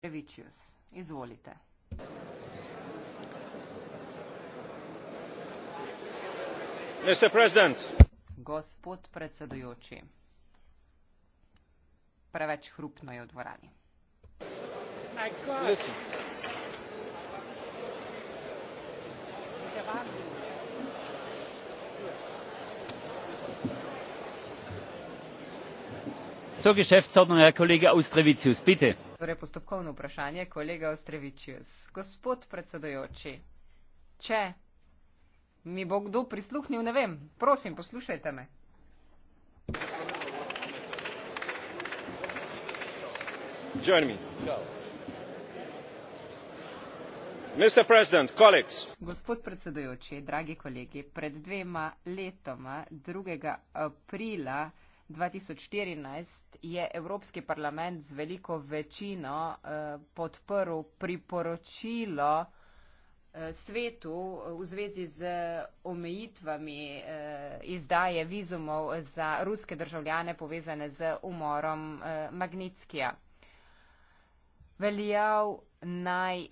Previčius, izvolite. Mr. President. Gospod predsedujoči, preveč hrupno je v dvorani. Zugeschäftsordnung, Herr Kollege Austrevicius, bitte. Torej postopkovno vprašanje, kolega Ostrevičius. Gospod predsedojoči, če mi bo kdo prisluhnil, ne vem, prosim, poslušajte me. Gospod predsedojoči, dragi kolegi, pred dvema letoma, 2. aprila 2014 je Evropski parlament z veliko večino eh, podprl priporočilo eh, svetu eh, v zvezi z omejitvami eh, izdaje vizumov za ruske državljane povezane z umorom eh, Magnitskija. Veljal naj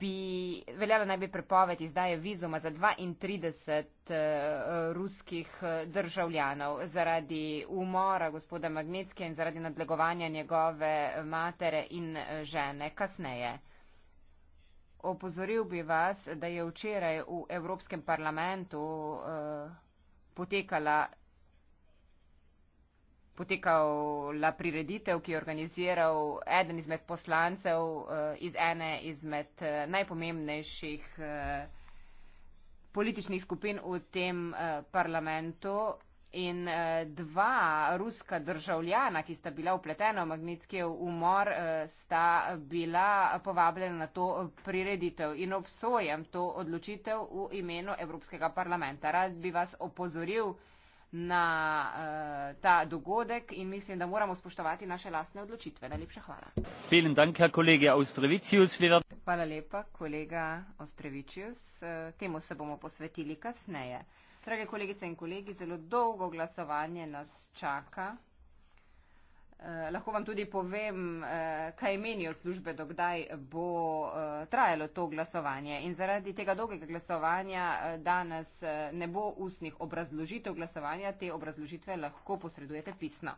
bi, veljala naj bi prepoved izdaje vizuma za 32 uh, eh, ruskih eh, državljanov zaradi umora gospoda Magnetske in zaradi nadlegovanja njegove matere in eh, žene kasneje. Opozoril bi vas, da je včeraj v Evropskem parlamentu uh, potekala potekala prireditev, ki je organiziral eden izmed poslancev eh, iz ene izmed eh, najpomembnejših eh, političnih skupin v tem parlamentu. In dva ruska državljana, ki sta bila upletena v magnetski umor, sta bila povabljena na to prireditev in obsojam to odločitev v imenu Evropskega parlamenta. Rad bi vas opozoril, na uh, ta dogodek in mislim, da moramo spoštovati naše lastne odločitve. Najlepša hvala. Hvala lepa, kolega Ostrevičius. Eh, temu se bomo posvetili kasneje. Drage kolegice in kolegi, zelo dolgo glasovanje nas čaka. Eh, lahko vam tudi povem, eh, kaj menijo službe, dokdaj bo eh, trajalo to glasovanje. In zaradi tega dolgega glasovanja eh, danes eh, ne bo ustnih obrazložitev glasovanja, te obrazložitve lahko posredujete pisno.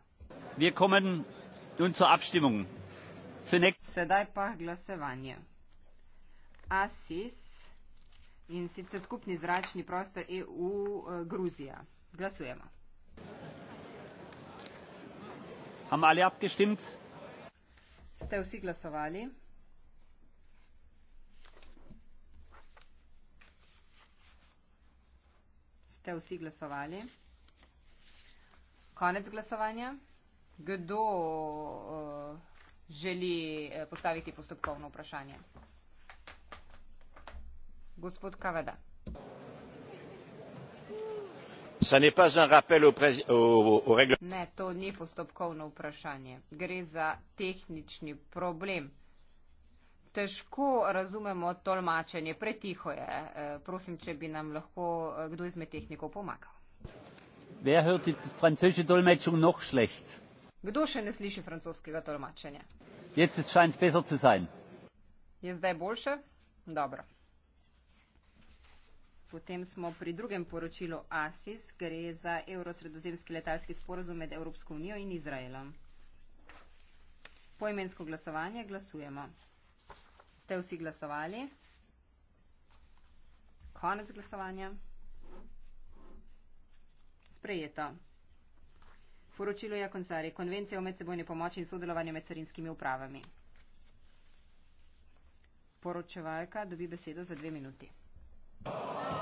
Sedaj pa glasovanje. ASIS in sicer skupni zračni prostor EU eh, Gruzija. Glasujemo. Haben alle abgestimmt? Ste vsi glasovali? Ste vsi glasovali? Konec glasovanja. Kdo uh, želi eh, postaviti postopkovno vprašanje? Gospod Kaveda ce n'est pas un rappel au règlement ni un postopkovno vprašanje gre za tehnični problem težko razumemo tolmačenje pretiho je e, prosim če bi nam lahko e, kdo izmed tehnikov pomagal wer hört die französische dolmetschung noch schlecht kdo še ne sliši francoskega tolmačenja jetzt scheint es besser zu sein je zdaj boljše dobro Potem smo pri drugem poročilu ASIS, gre za evrosredozemski letalski sporozum med Evropsko unijo in Izraelom. Poimensko glasovanje glasujemo. Ste vsi glasovali? Konec glasovanja. Sprejeto. Poročilo je koncari. Konvencija o medsebojni pomoči in sodelovanju med carinskimi upravami. Poročevalka dobi besedo za dve minuti. Oh!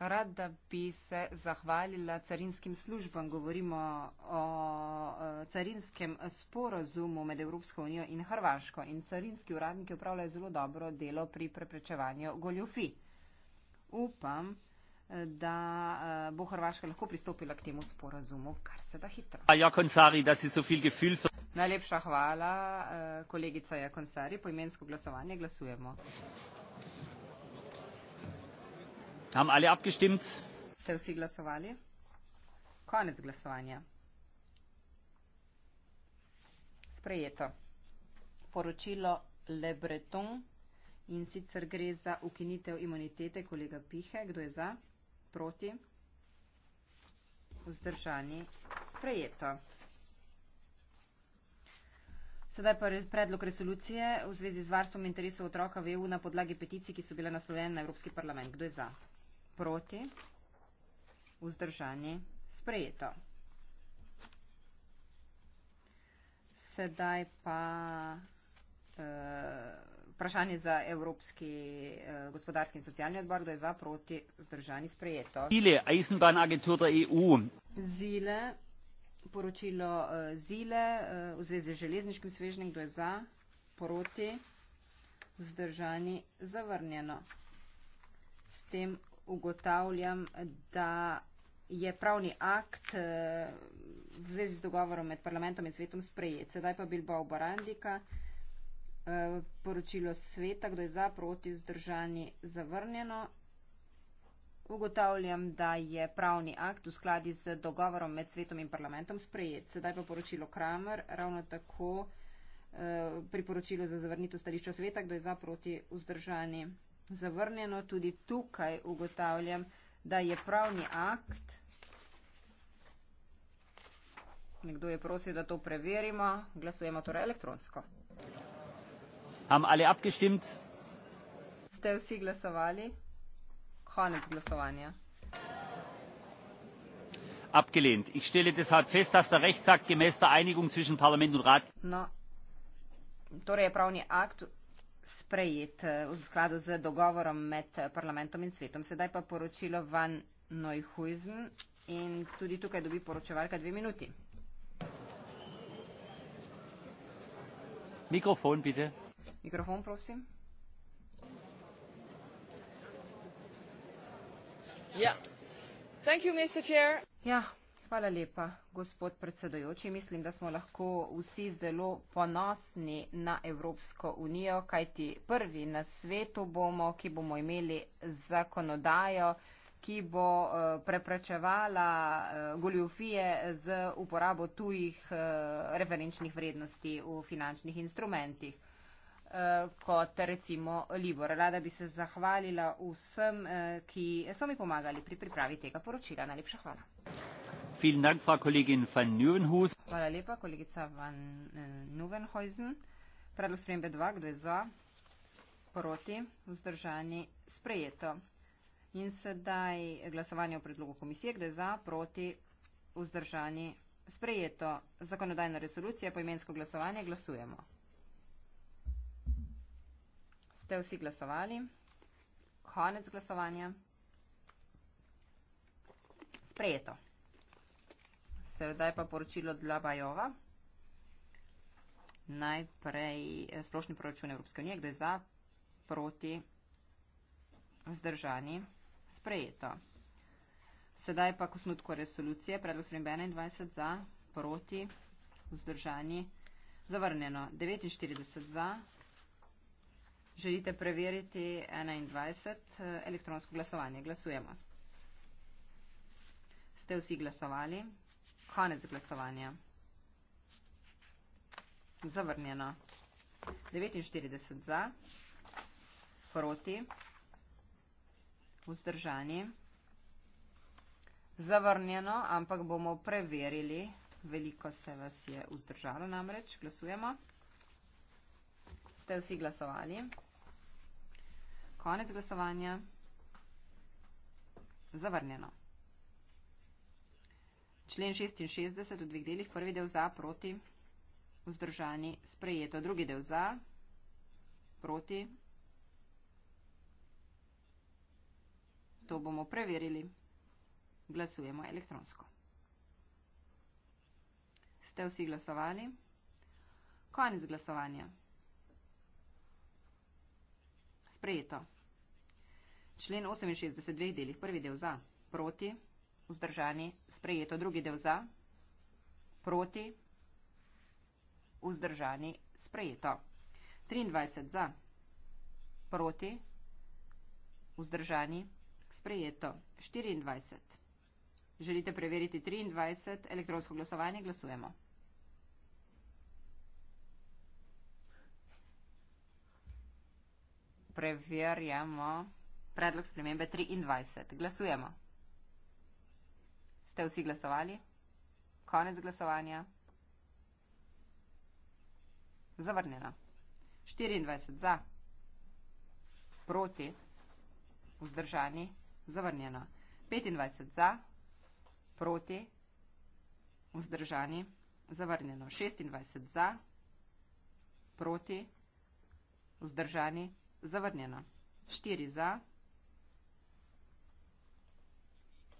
Rad, da bi se zahvalila carinskim službam. Govorimo o carinskem sporozumu med Evropsko unijo in Hrvaško. In carinski uradniki upravljajo zelo dobro delo pri preprečevanju goljofi. Upam, da eh, bo Hrvaška lahko pristopila k temu sporozumu, kar se da hitro. Ja, ja, Najlepša hvala, eh, kolegica Jakonsari. Po imensko glasovanje glasujemo haben alle abgestimmt. Ste vsi glasovali? Konec glasovanja. Sprejeto. Poročilo Le Breton in sicer gre za ukinitev imunitete kolega Pihe. Kdo je za? Proti? Vzdržani? Sprejeto. Sedaj pa res predlog resolucije v zvezi z varstvom interesov otroka v EU na podlagi peticij, ki so bile naslovljene na Evropski parlament. Kdo je za? proti, vzdržanje sprejeto. Sedaj pa eh, vprašanje za Evropski eh, gospodarski in socialni odbor, da je za proti vzdržani sprejeto. Zile, EU. E Zile, poročilo eh, Zile eh, v zvezi z železniškim svežnjem, kdo je za proti vzdržani zavrnjeno. S tem ugotavljam, da je pravni akt eh, v zvezi z dogovorom med parlamentom in svetom sprejet. Sedaj pa bil Bob Barandika, eh, poročilo sveta, kdo je za, proti, zdržani, zavrnjeno. Ugotavljam, da je pravni akt v skladi z dogovorom med svetom in parlamentom sprejet. Sedaj pa poročilo Kramer, ravno tako eh, priporočilo za zavrnitev stališča sveta, kdo je za proti vzdržani zavrnjeno. Tudi tukaj ugotavljam, da je pravni akt. Nekdo je prosil, da to preverimo. Glasujemo torej elektronsko. Am ali abgestimt? Ste vsi glasovali? Konec glasovanja. Abgelehnt. Ich stelle deshalb fest, dass der Rechtsakt gemäß der Einigung zwischen Parlament und Rat. No, torej je pravni akt sprejet eh, v skladu z dogovorom med eh, parlamentom in svetom. Sedaj pa poročilo van Neuhuizen in tudi tukaj dobi poročevalka dve minuti. Mikrofon, bitte. Mikrofon, prosim. Ja. Thank you, Mr. Chair. Ja, Hvala lepa, gospod predsedojoči. Mislim, da smo lahko vsi zelo ponosni na Evropsko unijo, kajti prvi na svetu bomo, ki bomo imeli zakonodajo, ki bo eh, preprečevala eh, goljufije z uporabo tujih eh, referenčnih vrednosti v finančnih instrumentih kot recimo Libor. Rada bi se zahvalila vsem, ki so mi pomagali pri pripravi tega poročila. Najlepša hvala. Hvala lepa, kolegica Van eh, Nuvenhuizen. Predlog spremembe 2, kdo je za, proti, vzdržani, sprejeto. In sedaj glasovanje o predlogu komisije, kdo je za, proti, vzdržani, sprejeto. Zakonodajna resolucija, poimensko glasovanje, glasujemo. Ste vsi glasovali? Konec glasovanja. Sprejeto. Sedaj pa poročilo od Labajova. Najprej eh, splošni proračun Evropske unije, kdo je za, proti, vzdržani, sprejeto. Sedaj pa kosnutko resolucije, predlog sprem 21 za, proti, vzdržani, zavrnjeno. 49 za, želite preveriti 21, eh, elektronsko glasovanje, glasujemo. Ste vsi glasovali? Konec glasovanja. Zavrnjeno. 49 za, proti, vzdržani. Zavrnjeno, ampak bomo preverili, veliko se vas je vzdržalo namreč, glasujemo. Ste vsi glasovali. Konec glasovanja. Zavrnjeno člen 66 v dveh delih, prvi del za, proti, vzdržani, sprejeto, drugi del za, proti. To bomo preverili. Glasujemo elektronsko. Ste vsi glasovali? Konec glasovanja. Sprejeto. Člen 68 dveh delih. Prvi del za. Proti vzdržani, sprejeto drugi del za, proti, vzdržani, sprejeto. 23 za, proti, vzdržani, sprejeto. 24. Želite preveriti 23 elektronsko glasovanje? Glasujemo. Preverjamo predlog spremembe 23. Glasujemo. Ste vsi glasovali? Konec glasovanja. Zavrnjeno. 24 za, proti, vzdržani, zavrnjeno. 25 za, proti, vzdržani, zavrnjeno. 26 za, proti, vzdržani, zavrnjeno. 4 za,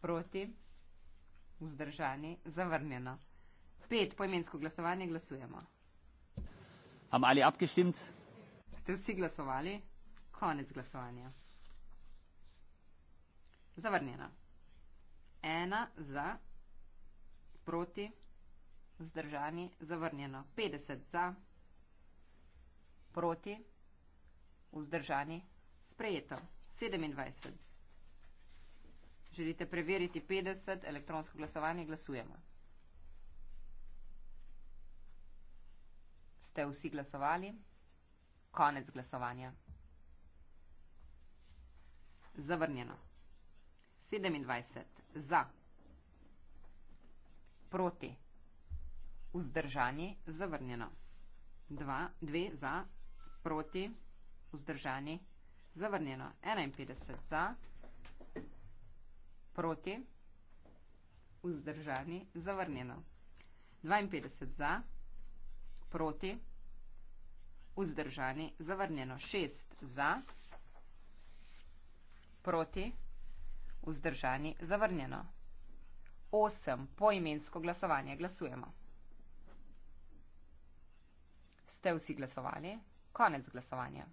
proti, vzdržani vzdržani, zavrnjeno. Pet poimensko glasovanje glasujemo. Am ali abgestimt? Ste vsi glasovali? Konec glasovanja. Zavrnjeno. Ena za, proti, vzdržani, zavrnjeno. 50 za, proti, vzdržani, sprejeto. 27. Želite preveriti 50 elektronsko glasovanje? Glasujemo. Ste vsi glasovali? Konec glasovanja. Zavrnjeno. 27. Za. Proti. Vzdržani. Zavrnjeno. 2. Za. Proti. Vzdržani. Zavrnjeno. 51. Za proti, vzdržani, zavrnjeno. 52 za, proti, vzdržani, zavrnjeno. 6 za, proti, vzdržani, zavrnjeno. 8 poimensko glasovanje glasujemo. Ste vsi glasovali? Konec glasovanja.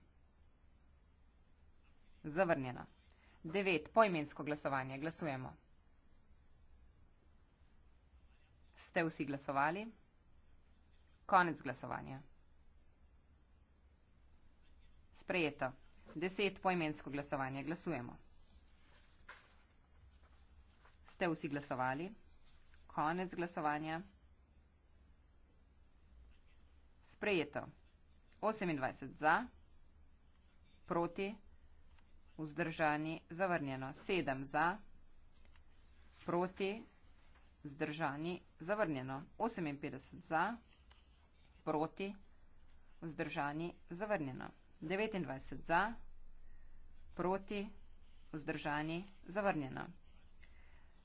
Zavrnjeno. 9. Poimensko glasovanje. Glasujemo. Ste vsi glasovali? Konec glasovanja. Sprejeto. 10. Poimensko glasovanje. Glasujemo. Ste vsi glasovali? Konec glasovanja. Sprejeto. 28 za, proti vzdržani, zavrnjeno, sedem za, proti, vzdržani, zavrnjeno, 58 za, proti, vzdržani, zavrnjeno, 29 za, proti, vzdržani, zavrnjeno.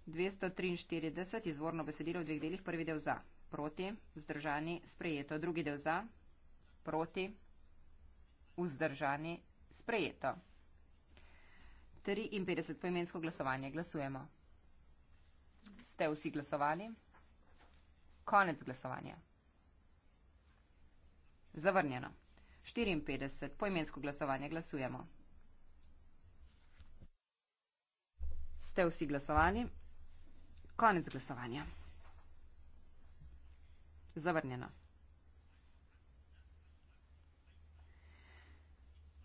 243 izvorno besedilo v dveh delih, prvi del za, proti, vzdržani, sprejeto, drugi del za, proti, vzdržani, sprejeto. 53 poimensko glasovanje glasujemo. Ste vsi glasovali? Konec glasovanja. Zavrnjeno. 54 poimensko glasovanje glasujemo. Ste vsi glasovali? Konec glasovanja. Zavrnjeno.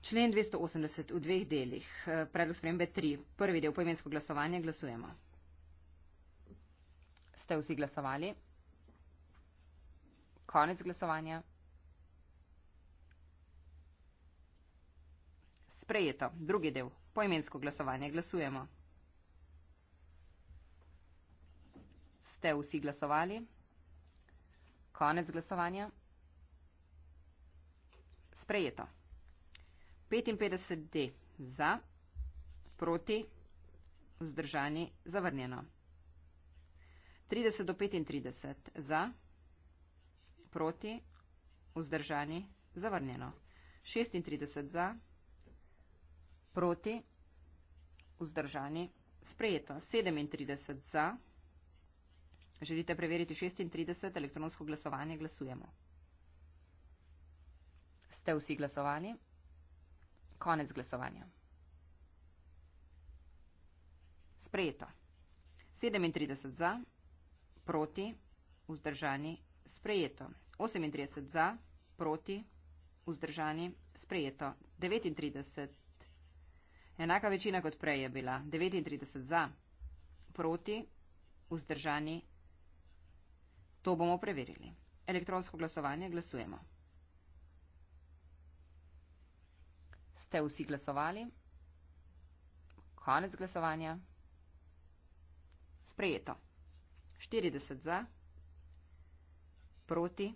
Člen 280 v dveh delih, eh, predlog spremembe 3. Prvi del poimensko glasovanje, glasujemo. Ste vsi glasovali? Konec glasovanja. Sprejeto. Drugi del. Poimensko glasovanje. Glasujemo. Ste vsi glasovali? Konec glasovanja. Sprejeto. 55 D za, proti, vzdržani, zavrnjeno. 30 do 35 za, proti, vzdržani, zavrnjeno. 36 za, proti, vzdržani, sprejeto. 37 za, želite preveriti 36, elektronsko glasovanje, glasujemo. Ste vsi glasovali? Konec glasovanja. Sprejeto. 37 za, proti, vzdržani, sprejeto. 38 za, proti, vzdržani, sprejeto. 39. Enaka večina kot prej je bila. 39 za, proti, vzdržani. To bomo preverili. Elektronsko glasovanje glasujemo. ste vsi glasovali? Konec glasovanja. Sprejeto. 40 za, proti,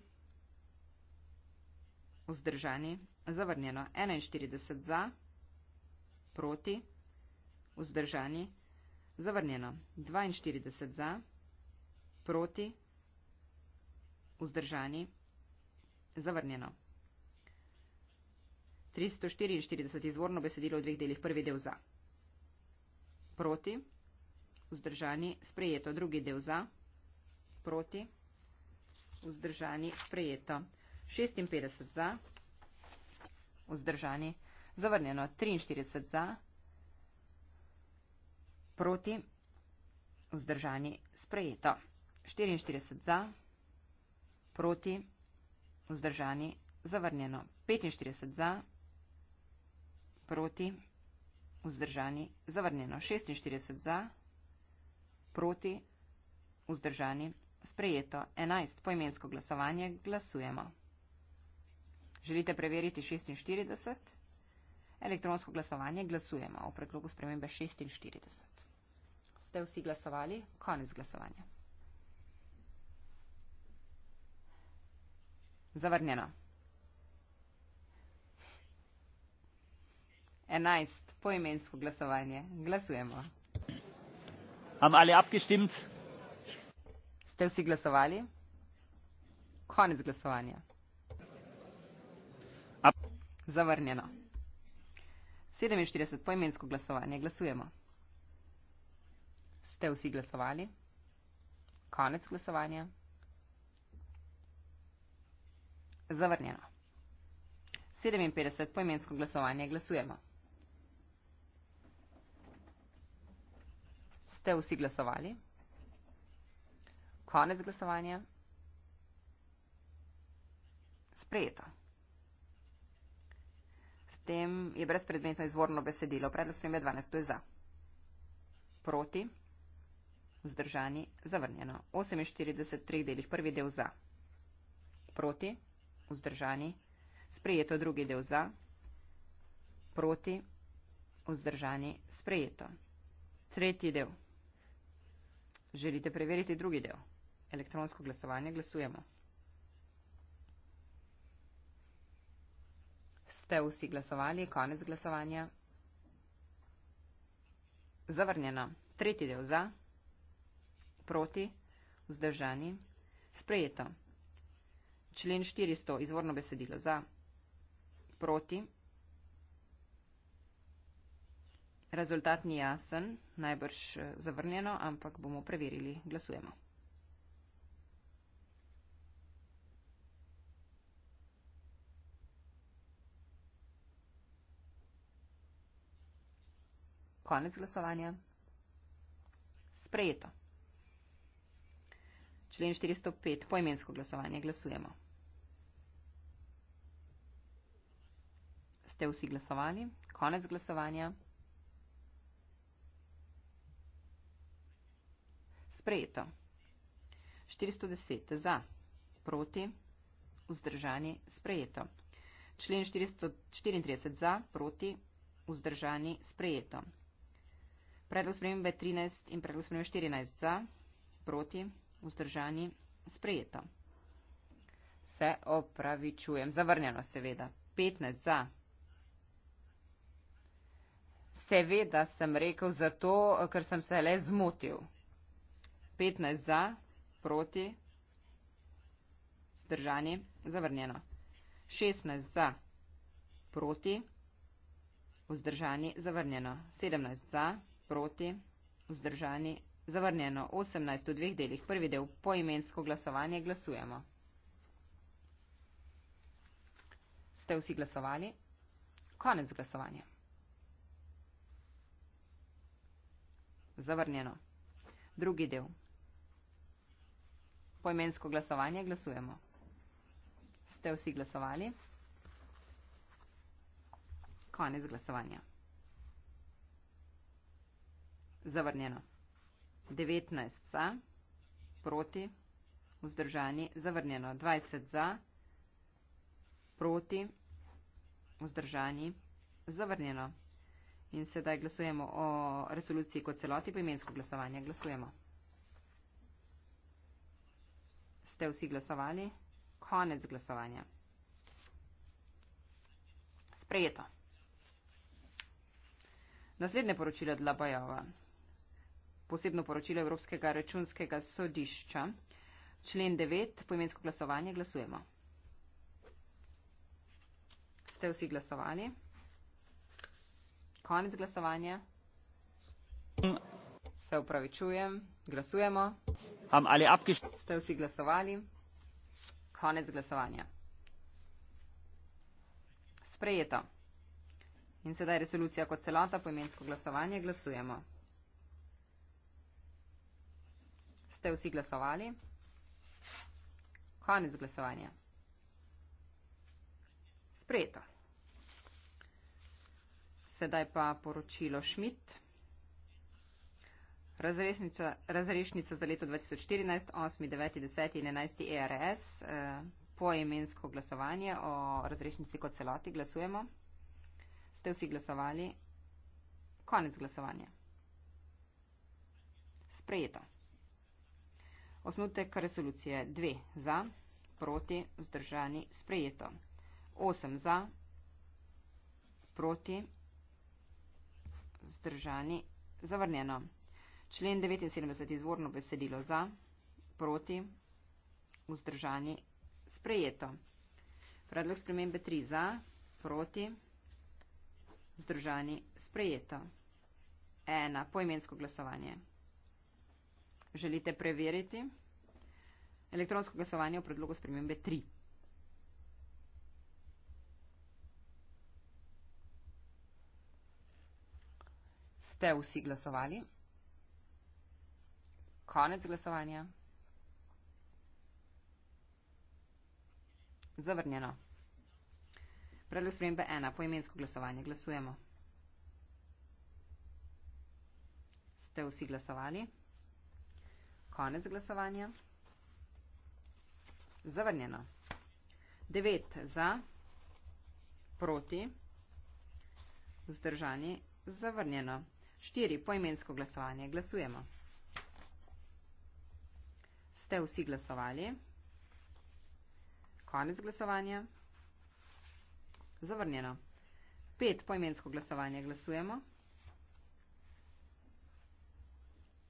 vzdržani, zavrnjeno. 41 za, proti, vzdržani, zavrnjeno. 42 za, proti, vzdržani, zavrnjeno. 344 izvorno besedilo v dveh delih. Prvi del za. Proti. Vzdržani. Sprejeto. Drugi del za. Proti. Vzdržani. Sprejeto. 56 za. Vzdržani. Zavrnjeno. 43 za. Proti. Vzdržani. Sprejeto. 44 za. Proti. Vzdržani. Zavrnjeno. 45 za proti, vzdržani, zavrnjeno 46 za, proti, vzdržani, sprejeto 11. Poimensko glasovanje glasujemo. Želite preveriti 46? Elektronsko glasovanje glasujemo o predlogu spremembe 46. Ste vsi glasovali? Konec glasovanja. Zavrnjeno. 11. Poimensko glasovanje. Glasujemo. Am alle abgestimmt? Ste vsi glasovali? Konec glasovanja. Ab Zavrnjeno. 47. Poimensko glasovanje. Glasujemo. Ste vsi glasovali? Konec glasovanja. Zavrnjeno. 57. Poimensko glasovanje. Glasujemo. ste vsi glasovali? Konec glasovanja. Sprejeto. S tem je brezpredmetno izvorno besedilo. Predlog spremembe 12. je za. Proti. Vzdržani. Zavrnjeno. 48 delih prvi del za. Proti. Vzdržani. Sprejeto drugi del za. Proti. Vzdržani. Sprejeto. Tretji del. Želite preveriti drugi del? Elektronsko glasovanje glasujemo. Ste vsi glasovali? Konec glasovanja. Zavrnjeno. Tretji del za. Proti. Vzdržani. Sprejeto. Člen 400. Izvorno besedilo za. Proti. Rezultat ni jasen najbrž eh, zavrnjeno, ampak bomo preverili, glasujemo. Konec glasovanja. Sprejeto. Člen 405. Poimensko glasovanje. Glasujemo. Ste vsi glasovali? Konec glasovanja. sprejeto. 410 za, proti, vzdržani, sprejeto. Člen 434 za, proti, vzdržani, sprejeto. Predlog spremembe 13 in predlog spremembe 14 za, proti, vzdržani, sprejeto. Se opravičujem, zavrnjeno seveda. 15 za. Seveda sem rekel zato, ker sem se le zmotil. 15 za, proti, zdržani, zavrnjeno. 16 za, proti, vzdržani, zavrnjeno. 17 za, proti, vzdržani, zavrnjeno. 18 v dveh delih, prvi del, poimensko glasovanje, glasujemo. Ste vsi glasovali? Konec glasovanja. Zavrnjeno. Drugi del poimensko glasovanje glasujemo. Ste vsi glasovali? Konec glasovanja. Zavrnjeno. 19 za, proti, vzdržani, zavrnjeno. 20 za, proti, vzdržani, zavrnjeno. In sedaj glasujemo o resoluciji kot celoti poimensko glasovanje. Glasujemo. ste vsi glasovali? Konec glasovanja. Sprejeto. Naslednje poročilo od Labajova. Posebno poročilo Evropskega računskega sodišča. Člen 9. Poimensko glasovanje. Glasujemo. Ste vsi glasovali? Konec glasovanja. Se upravičujem, glasujemo. Ste vsi glasovali? Konec glasovanja. Sprejeto. In sedaj resolucija kot celota, poimensko glasovanje, glasujemo. Ste vsi glasovali? Konec glasovanja. Sprejeto. Sedaj pa poročilo Schmidt razrešnica, razrešnica za leto 2014, 8, 9, 10 in 11 ERS, eh, poimensko glasovanje o razrešnici kot celoti, glasujemo. Ste vsi glasovali? Konec glasovanja. Sprejeto. Osnutek resolucije 2 za, proti, vzdržani, sprejeto. 8 za, proti, vzdržani, zavrnjeno. Člen 79 izvorno besedilo za, proti, vzdržani, sprejeto. Predlog spremembe 3 za, proti, vzdržani, sprejeto. 1. Poimensko glasovanje. Želite preveriti elektronsko glasovanje v predlogu spremembe 3? Ste vsi glasovali? Konec glasovanja. Zavrnjeno. Predlog spremembe ena. Poimensko glasovanje. Glasujemo. Ste vsi glasovali? Konec glasovanja. Zavrnjeno. 9 za, proti, vzdržani, zavrnjeno. 4 poimensko glasovanje. Glasujemo ste vsi glasovali. Konec glasovanja. Zavrnjeno. Pet poimensko glasovanje glasujemo.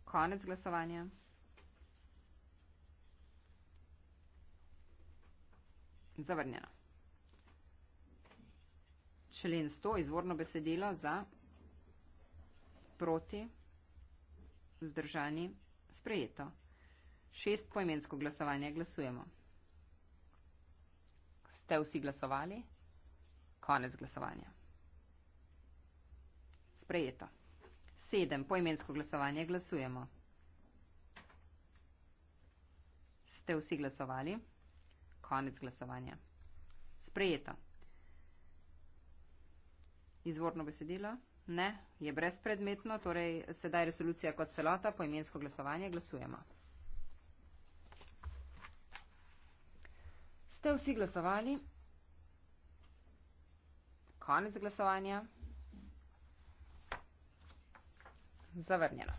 Konec glasovanja. Zavrnjeno. Člen 100, izvorno besedilo za proti vzdržani sprejeto šest poimensko glasovanje glasujemo. Ste vsi glasovali? Konec glasovanja. Sprejeto. Sedem poimensko glasovanje glasujemo. Ste vsi glasovali? Konec glasovanja. Sprejeto. Izvorno besedilo? Ne, je brezpredmetno, torej sedaj resolucija kot celota poimensko glasovanje glasujemo. Ste vsi glasovali? Konec glasovanja. Zavrnjeno.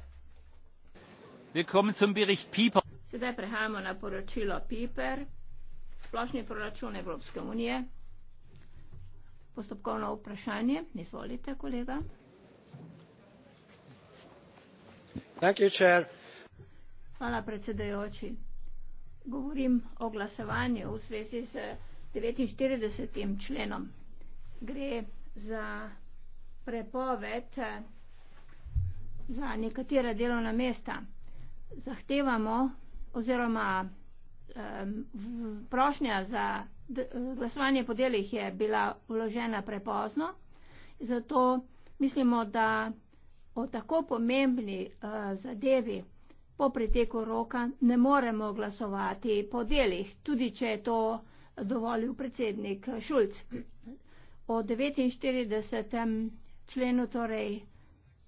Willkommen zum Bericht Piper. Sedaj prehajamo na poročilo Piper, splošni proračun Evropske unije. Postopkovno vprašanje, izvolite, kolega. Hvala, predsedajoči govorim o glasovanju v svezi z 49. členom. Gre za prepoved eh, za nekatera delovna mesta. Zahtevamo oziroma prošnja za glasovanje po delih je bila vložena prepozno, zato mislimo, da o tako pomembni eh, zadevi po preteku roka ne moremo glasovati po delih, tudi če je to dovolil predsednik Šulc. O 49. členu torej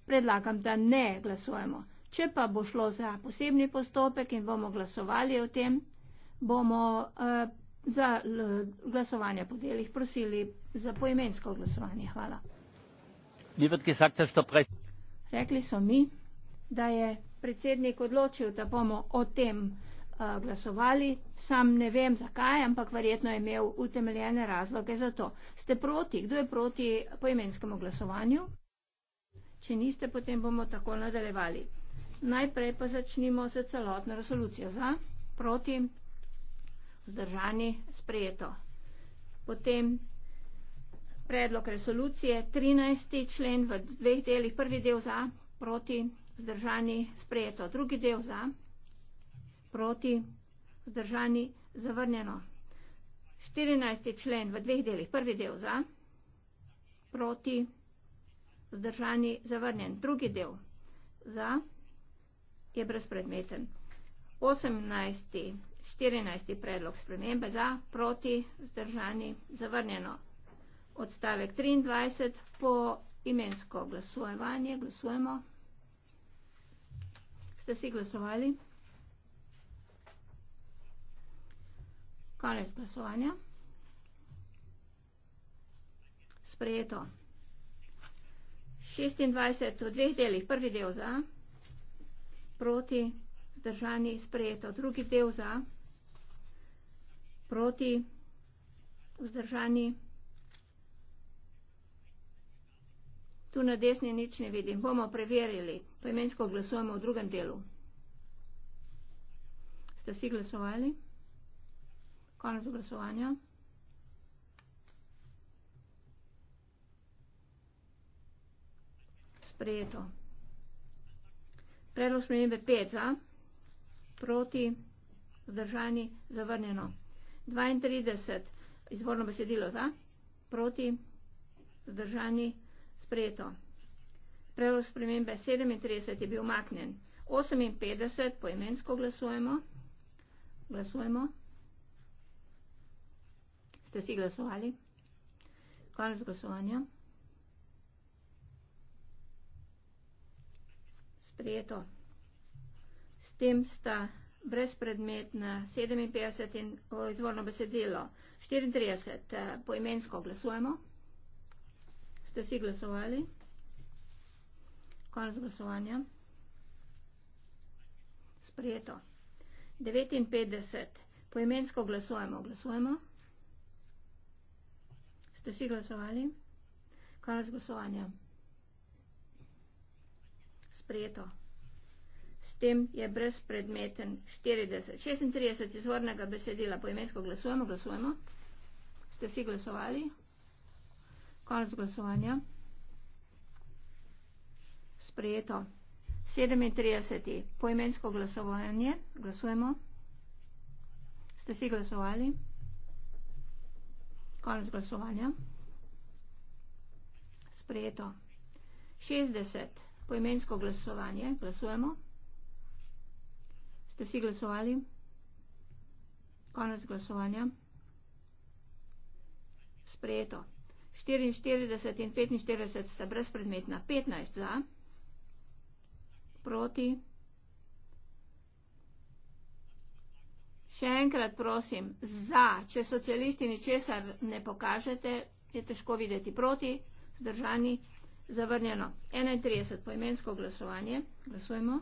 predlagam, da ne glasujemo. Če pa bo šlo za posebni postopek in bomo glasovali o tem, bomo uh, za uh, glasovanje po delih prosili za poimensko glasovanje. Hvala. Rekli so mi, da je predsednik odločil, da bomo o tem uh, glasovali. Sam ne vem zakaj, ampak verjetno je imel utemeljene razloge za to. Ste proti? Kdo je proti poimenskemu glasovanju? Če niste, potem bomo tako nadaljevali. Najprej pa začnimo z celotno resolucijo. Za, proti, vzdržani, sprejeto. Potem predlog resolucije, 13. člen v dveh delih, prvi del za, proti, vzdržani, sprejeto. Drugi del za, proti, vzdržani, zavrnjeno. 14. člen v dveh delih. Prvi del za, proti, vzdržani, zavrnjen. Drugi del za je brezpredmeten. 18. 14. predlog spremembe za, proti, vzdržani, zavrnjeno. Odstavek 23. Po imensko glasujevanje glasujemo. Ste si glasovali? Konec glasovanja. Sprejeto. 26 v dveh delih. Prvi del za, proti, zdržani, sprejeto. Drugi del za, proti, zdržani, sprejeto. Tu na desni nič ne vidim. Bomo preverili. Poimensko glasujemo v drugem delu. Ste vsi glasovali? Konec glasovanja. Sprejeto. Predlog spremembe 5 za, proti, zdržani, zavrnjeno. 32 izvorno besedilo za, proti, zdržani, sprejeto. Predlog spremembe 37 je bil umaknen. 58 poimensko glasujemo. Glasujemo. Ste vsi glasovali? Konec glasovanja. Sprejeto. S tem sta brezpredmetna 57 in o, izvorno besedilo 34 eh, poimensko glasujemo. Ste si glasovali? Konc glasovanja. Sprijeto. 59. Poimensko glasujemo. Glasujemo. Ste si glasovali? Konc glasovanja. Sprijeto. S tem je brezpredmeten 40. 36 izvornega besedila. Poimensko glasujemo. Glasujemo. Ste si glasovali? Glasujemo. Konec glasovanja. Sprejeto. 37. Poimensko glasovanje. Glasujemo. Ste si glasovali? Konec glasovanja. Sprejeto. 60. Poimensko glasovanje. Glasujemo. Ste si glasovali? Konec glasovanja. Sprejeto. 44 in 45 sta brezpredmetna, 15 za, proti. Še enkrat prosim, za, če socialisti ničesar ne pokažete, je težko videti proti, zdržani, zavrnjeno. 31, poimensko glasovanje, glasujemo.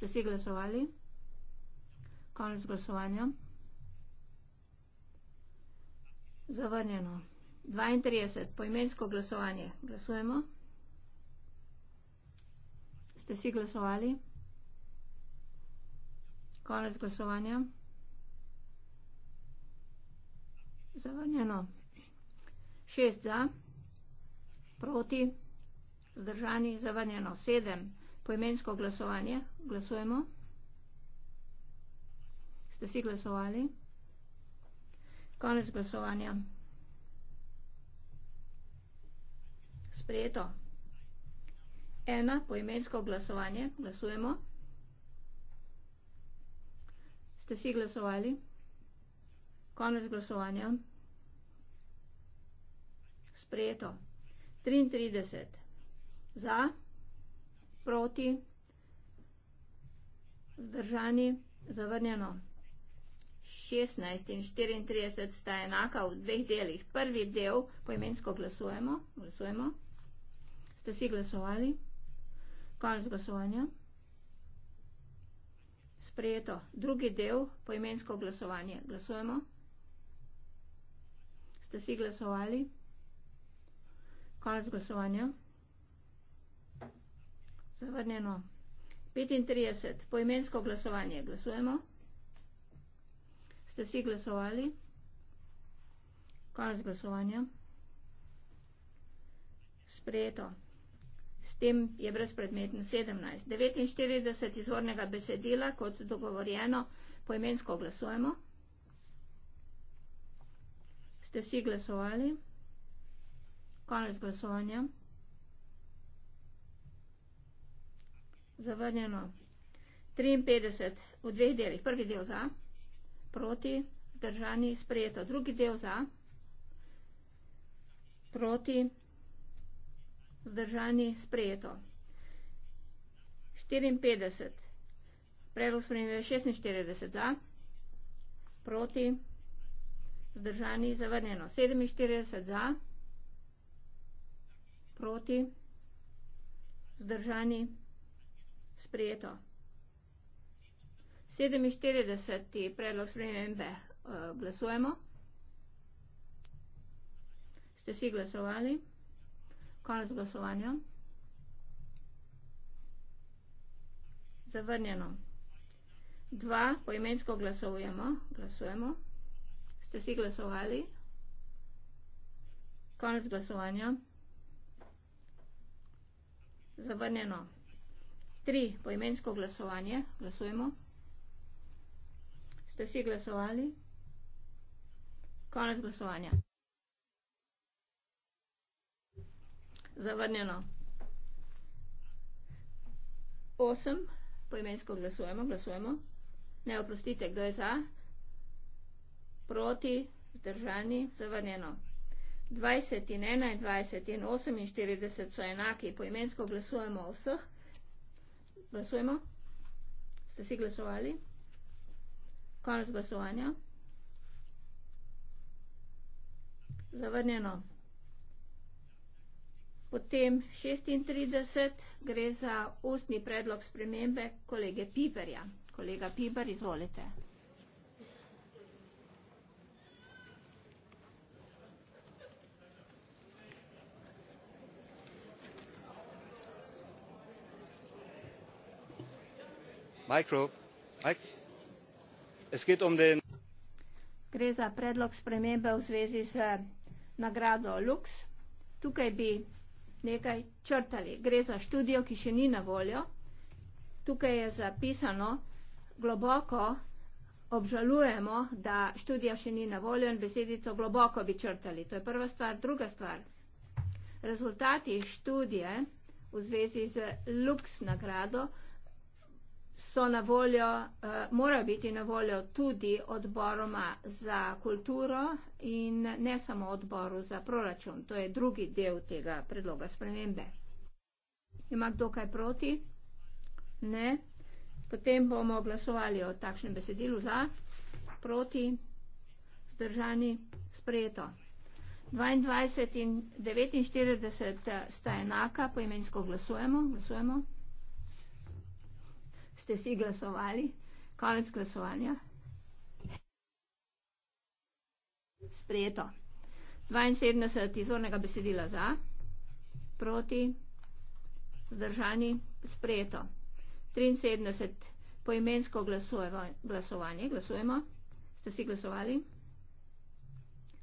Ste si glasovali? Konec glasovanja. Zavrnjeno. 32. Poimensko glasovanje. Glasujemo. Ste vsi glasovali? Konec glasovanja. Zavrnjeno. 6 za, proti, zdržani, zavrnjeno. 7. Poimensko glasovanje. Glasujemo. Ste vsi glasovali? Konec glasovanja. Sprejeto. Ena, poimensko glasovanje. Glasujemo. Ste si glasovali? Konec glasovanja. Sprejeto. 33. Za, proti, zdržani, zavrnjeno. 16 in 34 sta enaka v dveh delih. Prvi del poimensko glasujemo. glasujemo. Ste vsi glasovali? Konec glasovanja. Sprejeto. Drugi del poimensko glasovanje. Glasujemo. Ste vsi glasovali? Konec glasovanja. Zavrnjeno. 35. Poimensko glasovanje. Glasujemo. Ste vsi glasovali? Konec glasovanja. Sprejeto. S tem je brezpredmeten 17. 49 izvornega besedila, kot dogovorjeno, poimensko glasujemo. Ste vsi glasovali? Konec glasovanja. Zavrnjeno. 53 v dveh delih. Prvi del za proti, zdržani, sprejeto. Drugi del za, proti, zdržani, sprejeto. 54, predlog spremljiva 46 za, proti, zdržani, zavrnjeno. 47 za, proti, zdržani, sprejeto. 47. predlog spremembe eh, glasujemo. Ste si glasovali? Konec glasovanja. Zavrnjeno. Dva, poimensko glasujemo. Glasujemo. Ste si glasovali? Konec glasovanja. Zavrnjeno. Tri, poimensko glasovanje. Glasujemo. Glasujemo. Ste si glasovali? Konec glasovanja. Zavrnjeno. Osem, poimensko glasujemo, glasujemo. Ne oprostite, kdo je za? Proti, zdržani, zavrnjeno. 20 in 21 in 48 so enaki, poimensko glasujemo vseh. Glasujemo. Ste si glasovali? Konec glasovanja. Zavrnjeno. Potem 36 gre za ustni predlog spremembe kolege Piperja. Kolega Piper, izvolite. Mikro. Mikro. Um Gre za predlog spremembe v zvezi z nagrado Lux. Tukaj bi nekaj črtali. Gre za študijo, ki še ni na voljo. Tukaj je zapisano, globoko obžalujemo, da študija še ni na voljo in besedico globoko bi črtali. To je prva stvar. Druga stvar. Rezultati študije v zvezi z Lux nagrado so na voljo, uh, morajo biti na voljo tudi odboroma za kulturo in ne samo odboru za proračun. To je drugi del tega predloga spremembe. Ima kdo kaj proti? Ne. Potem bomo glasovali o takšnem besedilu za, proti, zdržani, sprejeto. 22 in 49 sta enaka, poimensko glasujemo. glasujemo ste si glasovali. Konec glasovanja. Sprejeto. 72 izvornega besedila za, proti, zdržani, sprejeto. 73 poimensko glasovanje, glasujemo. Ste si glasovali?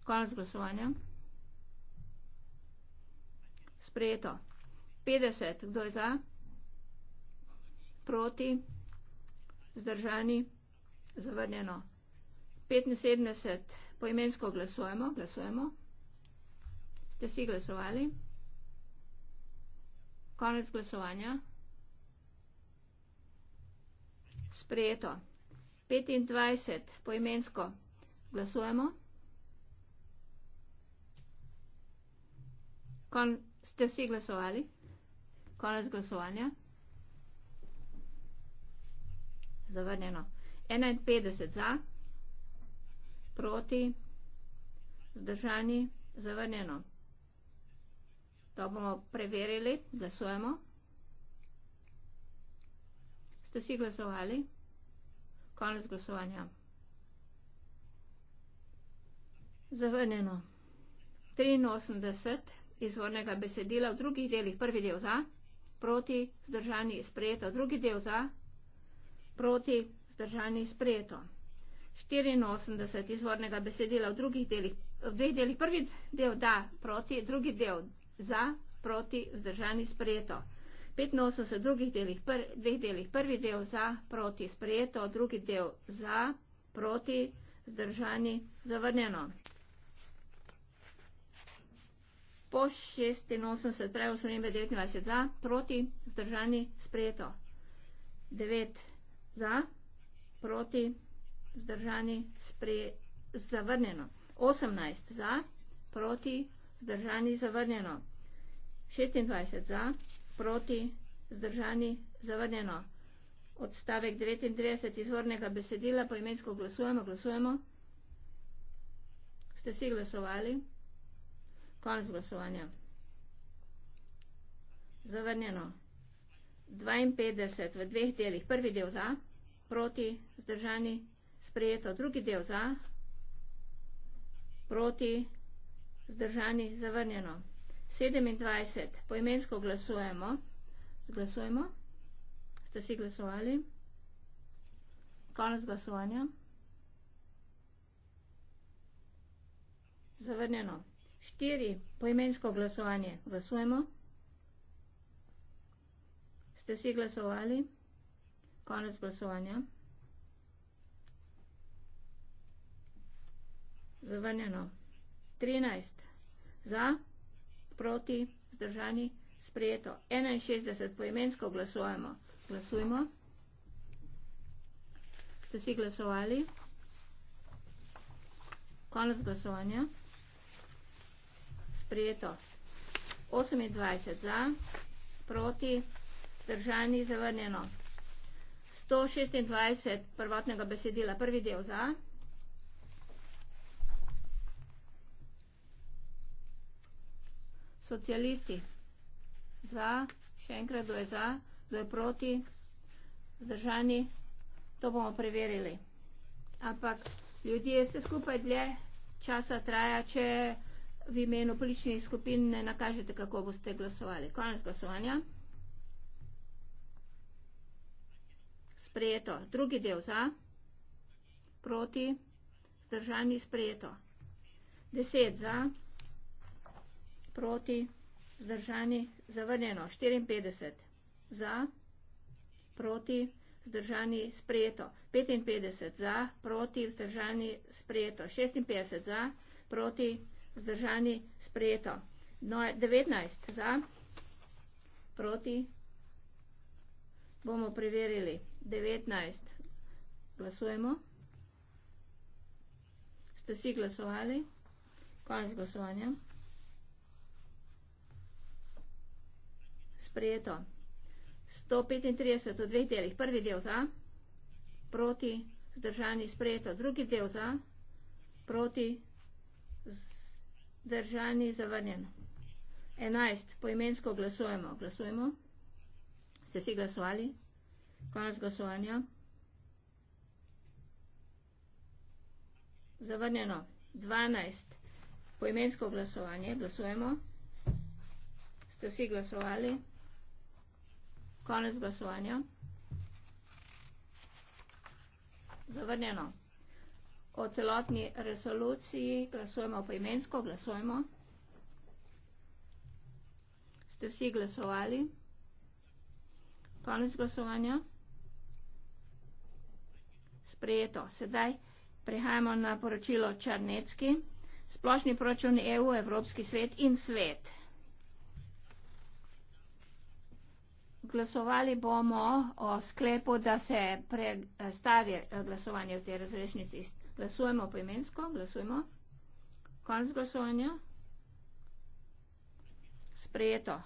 Konec glasovanja. Sprejeto. 50, kdo je za? Proti zdržani, zavrnjeno. 75, poimensko glasujemo, glasujemo. Ste si glasovali? Konec glasovanja. Sprejeto. 25, poimensko glasujemo. Kon, ste vsi glasovali? Konec glasovanja. zavrnjeno. 51 za, proti, zdržani, zavrnjeno. To bomo preverili, glasujemo. Ste si glasovali? Konec glasovanja. Zavrnjeno. 83 izvornega besedila v drugih delih. Prvi del za, proti, zdržani, sprejeto. Drugi del za, proti vzdržanje sprejeto. 84 izvornega besedila v drugih delih, v dveh delih, prvi del da proti, drugi del za, proti, vzdržanje sprejeto. 85 v drugih delih, pr, dveh delih, prvi del za, proti, sprejeto, drugi del za, proti, vzdržanje zavrnjeno. Po 86 pravi v slovenbe 29 za, proti, vzdržanje sprejeto. 9 za, proti, zdržani, spre, zavrnjeno. 18 za, proti, zdržani, zavrnjeno. 26 za, proti, zdržani, zavrnjeno. Odstavek 39 izvornega besedila, poimensko glasujemo, glasujemo. Ste si glasovali? Konec glasovanja. Zavrnjeno. 52 v dveh delih. Prvi del za, proti, vzdržani, sprejeto. Drugi del za, proti, vzdržani, zavrnjeno. 27. Poimensko glasujemo. Glasujemo. Ste vsi glasovali? Konec glasovanja. Zavrnjeno. 4. Poimensko glasovanje. Glasujemo. Ste vsi glasovali? Konec glasovanja. Zavrnjeno. 13. Za, proti, zdržani, sprejeto. 61. Poimensko glasujemo. Glasujmo. Ste vsi glasovali? Konec glasovanja. Sprejeto. 28 za, proti, vzdržani zavrnjeno. 126 prvotnega besedila, prvi del za. Socialisti za, še enkrat, kdo je za, kdo je proti, vzdržani, to bomo preverili. Ampak ljudje se skupaj dlje časa traja, če v imenu političnih skupin ne nakažete, kako boste glasovali. Konec glasovanja. sprejeto. Drugi del za, proti, zdržani sprejeto. Deset za, proti, zdržani, zavrnjeno. 54 za, proti, zdržani, sprejeto. 55 za, proti, zdržani, sprejeto. 56 za, proti, zdržani, sprejeto. No, 19 za, proti, bomo preverili. 19. Glasujemo. Ste si glasovali? Konec glasovanja. Sprejeto. 135 v dveh delih. Prvi del za, proti, zdržani, sprejeto. Drugi del za, proti, zdržani, zavrnjen. 11. Poimensko glasujemo. Glasujemo. Ste si glasovali? Konec glasovanja. Zavrnjeno. 12. Poimensko glasovanje. Glasujemo. Ste vsi glasovali? Konec glasovanja. Zavrnjeno. O celotni resoluciji glasujemo poimensko. Glasujemo. Ste vsi glasovali? Konec glasovanja sprejeto. Sedaj prehajamo na poročilo Črnecki, splošni proračun EU, Evropski svet in svet. Glasovali bomo o sklepu, da se predstavi eh, glasovanje v tej razrešnici. Glasujemo poimensko, glasujemo. Konc glasovanja. Sprejeto.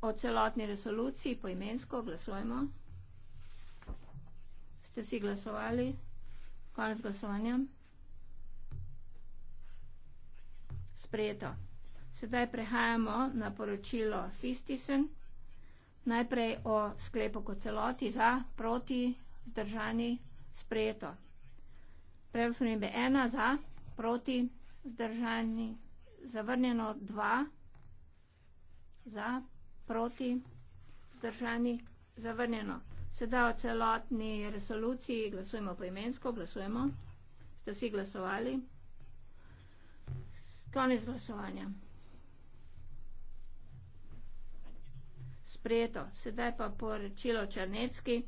O celotni resoluciji poimensko glasujemo ste vsi glasovali? Konec glasovanja. Sprejeto. Sedaj prehajamo na poročilo Fistisen. Najprej o sklepu kot celoti za, proti, zdržani, sprejeto. Predlog spremembe 1 za, proti, zdržani, zavrnjeno 2 za, proti, zdržani, zavrnjeno. Sedaj o celotni resoluciji glasujemo poimensko, glasujemo. Ste vsi glasovali? Konec glasovanja. Sprejeto. Sedaj pa poročilo Črnecki.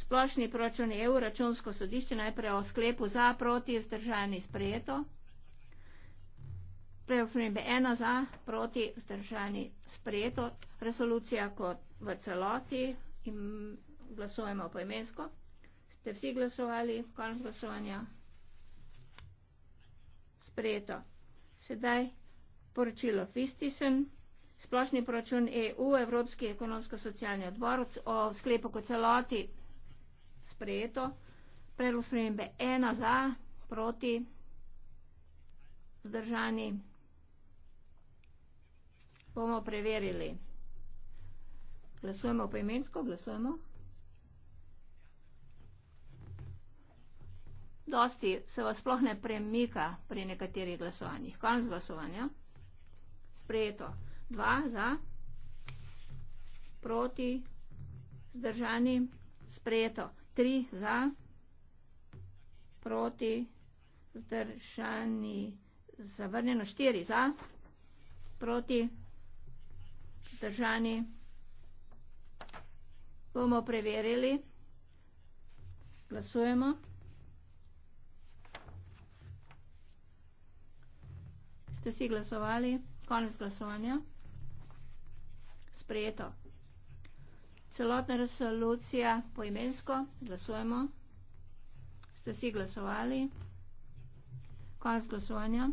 Splošni proračun EU, računsko sodišče, najprej o sklepu za, proti, vzdržani, sprejeto. Prej osnovi ena za, proti, vzdržani, sprejeto. Resolucija kot v celoti glasujemo poimensko. Ste vsi glasovali, konc glasovanja? Sprejeto. Sedaj poročilo Fistisen, splošni proračun EU, Evropski ekonomsko-socialni odbor o sklepu kot celoti. Sprejeto. Predlog spremembe ena za, proti, zdržani. Bomo preverili. Glasujemo poimensko, glasujemo. dosti se vas sploh ne premika pri nekaterih glasovanjih. Konc glasovanja. Sprejeto. Dva za, proti, zdržani, sprejeto. Tri za, proti, zdržani, zavrnjeno. Štiri za, proti, zdržani. Bomo preverili. Glasujemo. Ste si glasovali? Konec glasovanja. Sprejeto. Celotna resolucija poimensko. Glasujemo. Ste si glasovali? Konec glasovanja.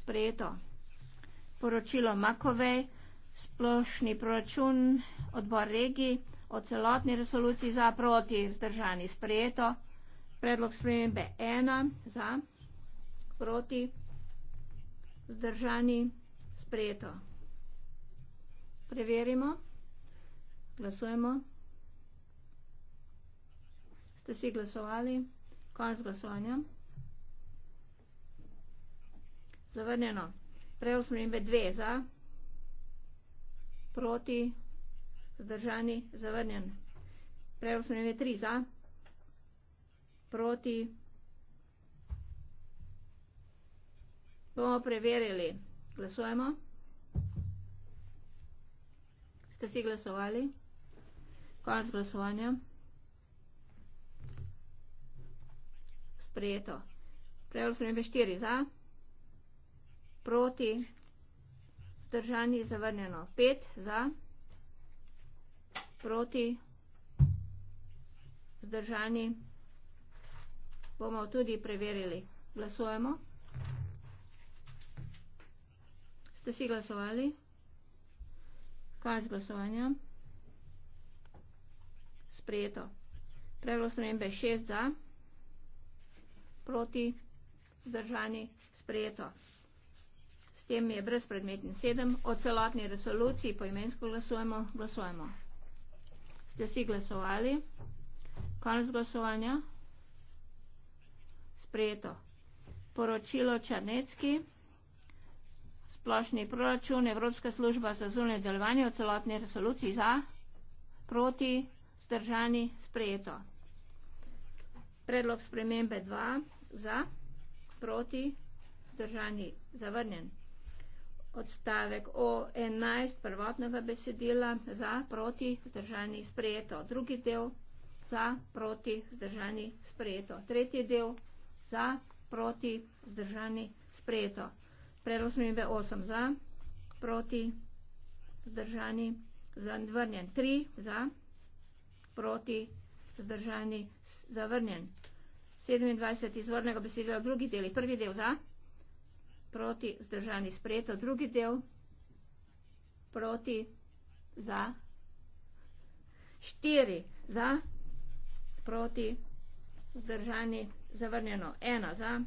Sprejeto. Poročilo Makovej, splošni proračun, odbor regi, o celotni resoluciji za proti, zdržani sprejeto. Predlog spremembe 1 za proti, zdržani, sprejeto. Preverimo, glasujemo. Ste si glasovali, konc glasovanja. Zavrnjeno. Preosmenjenbe dve za, proti, zdržani, zavrnjen. Preosmenjenbe tri za, proti, zdržani. Bomo preverili. Glasujemo. Ste si glasovali? Konec glasovanja. Sprejeto. Prevod sem imel štiri za, proti, zdržani, zavrnjeno. Pet za, proti, zdržani. Bomo tudi preverili. Glasujemo. Ste si glasovali? Kaj z glasovanja? Sprejeto. Predlog spremembe 6 za, proti, vzdržani, sprejeto. S tem je brezpredmetni 7. O celotni resoluciji poimensko glasujemo. Glasujemo. Ste si glasovali? Konec glasovanja? Sprejeto. Poročilo Črnecki splošni proračun, Evropska služba za zunanje delovanje o celotni resoluciji za, proti, zdržani, sprejeto. Predlog spremembe 2 za, proti, zdržani, zavrnjen. Odstavek O11 prvotnega besedila za, proti, zdržani, sprejeto. Drugi del za, proti, zdržani, sprejeto. Tretji del za, proti, zdržani, sprejeto. Predlog smembe 8 za, proti, zdržani, zavrnjen. 3 za, proti, zdržani, zavrnjen. 27 izvornega besedila, drugi deli. Prvi del za, proti, zdržani, sprejeto. Drugi del, proti, za. 4 za, proti, zdržani, zavrnjeno. 1 za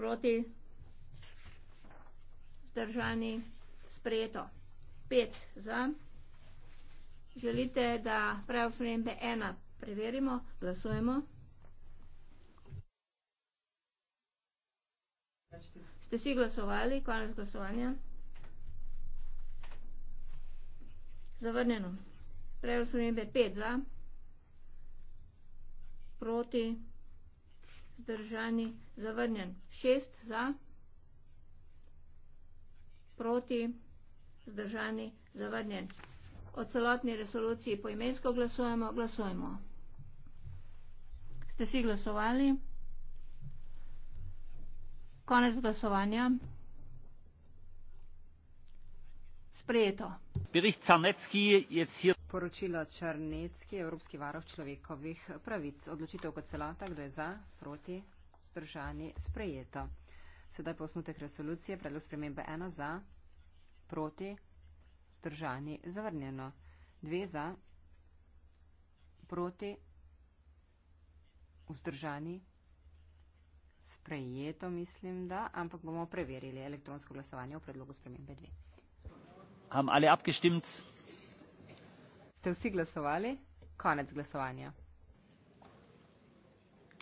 proti zdržani sprejeto. Pet za. Želite, da prav spremembe ena preverimo, glasujemo. Ste vsi glasovali, konec glasovanja? Zavrnjeno. Prejel sem 5 za, proti vzdržani, zavrnjen, šest za, proti, vzdržani, zavrnjen. O celotni resoluciji poimensko glasujemo, glasujemo. Ste si glasovali? Konec glasovanja sprejeto. Poročilo Črnecki, Evropski varov človekovih pravic. Odločitev kot celota, kdo je za, proti, vzdržani, sprejeto. Sedaj pa osnutek resolucije, predlog spremembe ena za, proti, vzdržani, zavrnjeno. Dve za, proti, vzdržani, sprejeto, mislim, da, ampak bomo preverili elektronsko glasovanje v predlogu spremembe dve haben alle abgestimmt. Ste vsi glasovali? Konec glasovanja.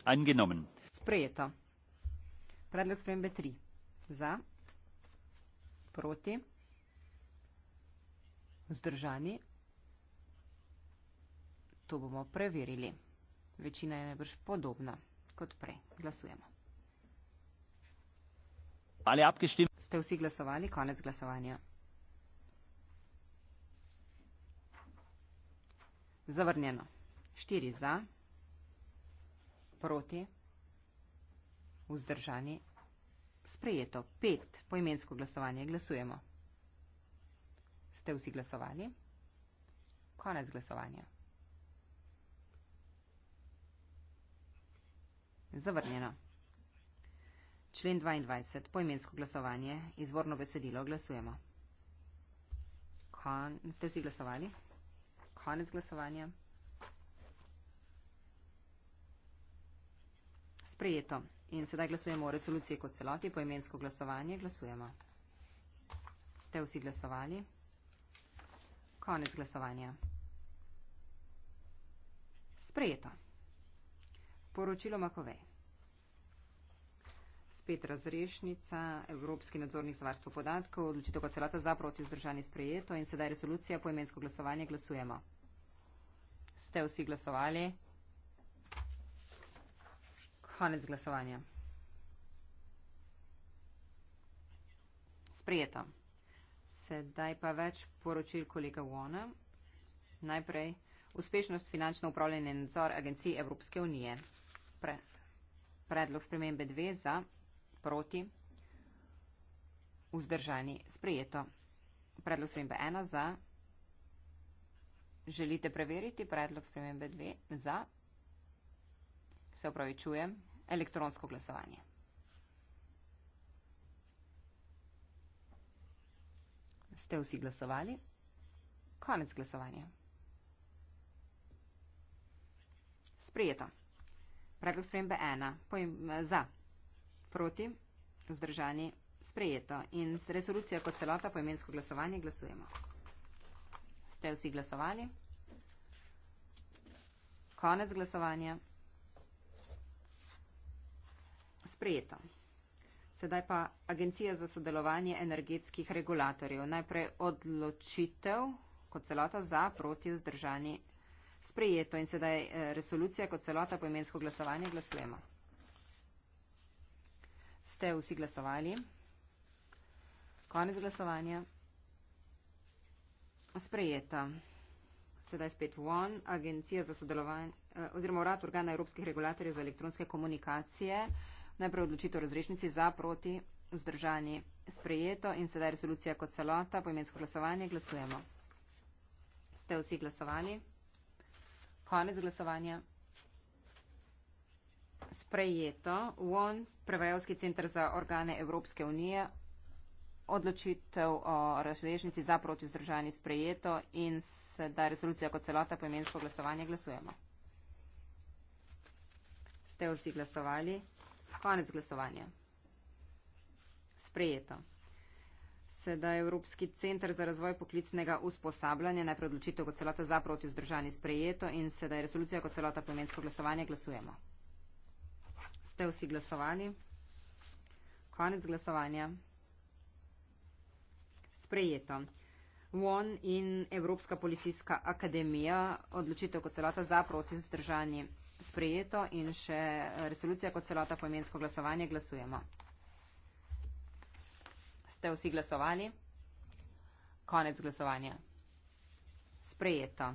Angenommen. Sprejeto. Predlog spremembe 3. Za. Proti. Zdržani. To bomo preverili. Večina je najbrž podobna kot prej. Glasujemo. Ali abgestimmt? Ste vsi glasovali? Konec glasovanja. Zavrnjeno. 4 za, proti, vzdržani, sprejeto. 5 poimensko glasovanje. Glasujemo. Ste vsi glasovali? Konec glasovanja. Zavrnjeno. Člen 22. Poimensko glasovanje. Izvorno besedilo. Glasujemo. Kon... Ste vsi glasovali? Glasujemo. Konec glasovanja. Sprejeto. In sedaj glasujemo o resoluciji kot celoti, poimensko glasovanje. Glasujemo. Ste vsi glasovali? Konec glasovanja. Sprejeto. Poročilo Makovej. Petra Zrešnica, Evropski nadzornik za varstvo podatkov, odločitev kot celata za proti vzdržanje sprejeto in sedaj resolucija po imensko glasovanje glasujemo. Ste vsi glasovali? Konec glasovanja. Sprejeto. Sedaj pa več poročil kolega Wona. Najprej uspešnost finančno upravljanje nadzor Agencije Evropske unije. Pre, predlog spremembe 2 za proti, vzdržani, sprejeto. Predlog spremembe 1 za. Želite preveriti predlog spremembe 2 za. Se upravičujem, elektronsko glasovanje. Ste vsi glasovali? Konec glasovanja. Sprijeto. Predlog spremembe 1 za. Proti, vzdržani, sprejeto. In resolucija kot celota po imensko glasovanje glasujemo. Ste vsi glasovali? Konec glasovanja. Sprejeto. Sedaj pa Agencija za sodelovanje energetskih regulatorjev. Najprej odločitev kot celota za proti vzdržani sprejeto in sedaj eh, resolucija kot celota po imensko glasovanje glasujemo. Ste vsi glasovali? Konec glasovanja. Sprejeta. Sedaj spet ON, Agencija za sodelovanje eh, oziroma Urad organa Evropskih regulatorjev za elektronske komunikacije. Najprej odločitev razrešnici za proti vzdržani sprejeto in sedaj resolucija kot celota. Poimensko glasovanje. Glasujemo. Ste vsi glasovali? Konec glasovanja sprejeto, UON, Prevajalski centr za organe Evropske unije, odločitev o razrešnici za proti vzdržanje sprejeto in sedaj resolucija kot celota poimensko glasovanje glasujemo. Ste vsi glasovali? Konec glasovanja. Sprejeto. Sedaj Evropski centr za razvoj poklicnega usposabljanja najprej odločitev kot celota za proti vzdržanje sprejeto in sedaj resolucija kot celota poimensko glasovanje glasujemo. Ste vsi glasovali? Konec glasovanja. Sprejeto. WON in Evropska policijska akademija odločitev kot celota za proti vzdržanje sprejeto in še eh, resolucija kot celota poimensko glasovanje glasujemo. Ste vsi glasovali? Konec glasovanja. Sprejeto.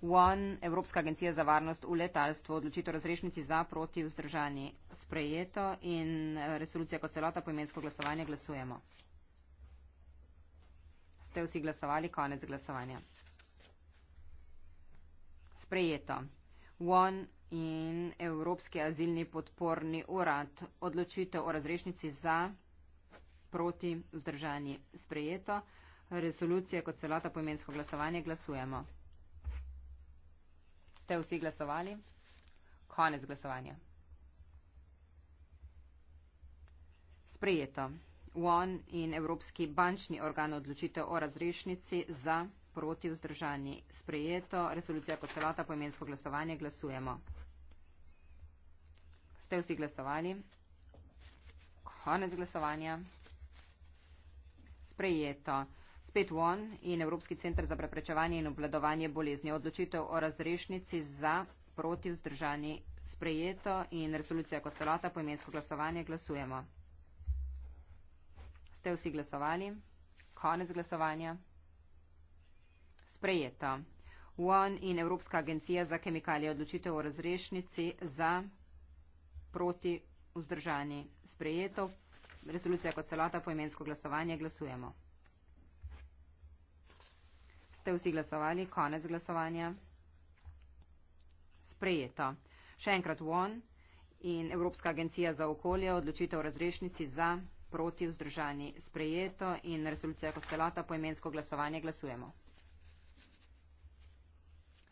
One, Evropska agencija za varnost v letalstvu, odločitev razrešnici za proti vzdržanje sprejeto in eh, resolucija kot celota poimensko glasovanje glasujemo. Ste vsi glasovali, konec glasovanja. Sprejeto. One in Evropski azilni podporni urad, odločitev o razrešnici za proti vzdržanje sprejeto. Resolucija kot celota poimensko glasovanje glasujemo. Ste vsi glasovali? Konec glasovanja. Sprejeto. UON in Evropski bančni organ odločitev o razrešnici za proti vzdržani. Sprejeto. Resolucija kot celota poimensko glasovanje. Glasujemo. Ste vsi glasovali? Konec glasovanja. Sprejeto spet ON in Evropski centr za preprečevanje in obvladovanje bolezni. Odločitev o razrešnici za proti vzdržani sprejeto in resolucija kot celota po imensko glasovanje glasujemo. Ste vsi glasovali? Konec glasovanja? Sprejeto. UON in Evropska agencija za kemikalije odločitev o razrešnici za proti vzdržani sprejeto. Resolucija kot celota po imensko glasovanje glasujemo ste vsi glasovali, konec glasovanja. Sprejeto. Še enkrat VON in Evropska agencija za okolje odločitev razrešnici za proti vzdržani. Sprejeto in resolucija kot celota po imensko glasovanje glasujemo.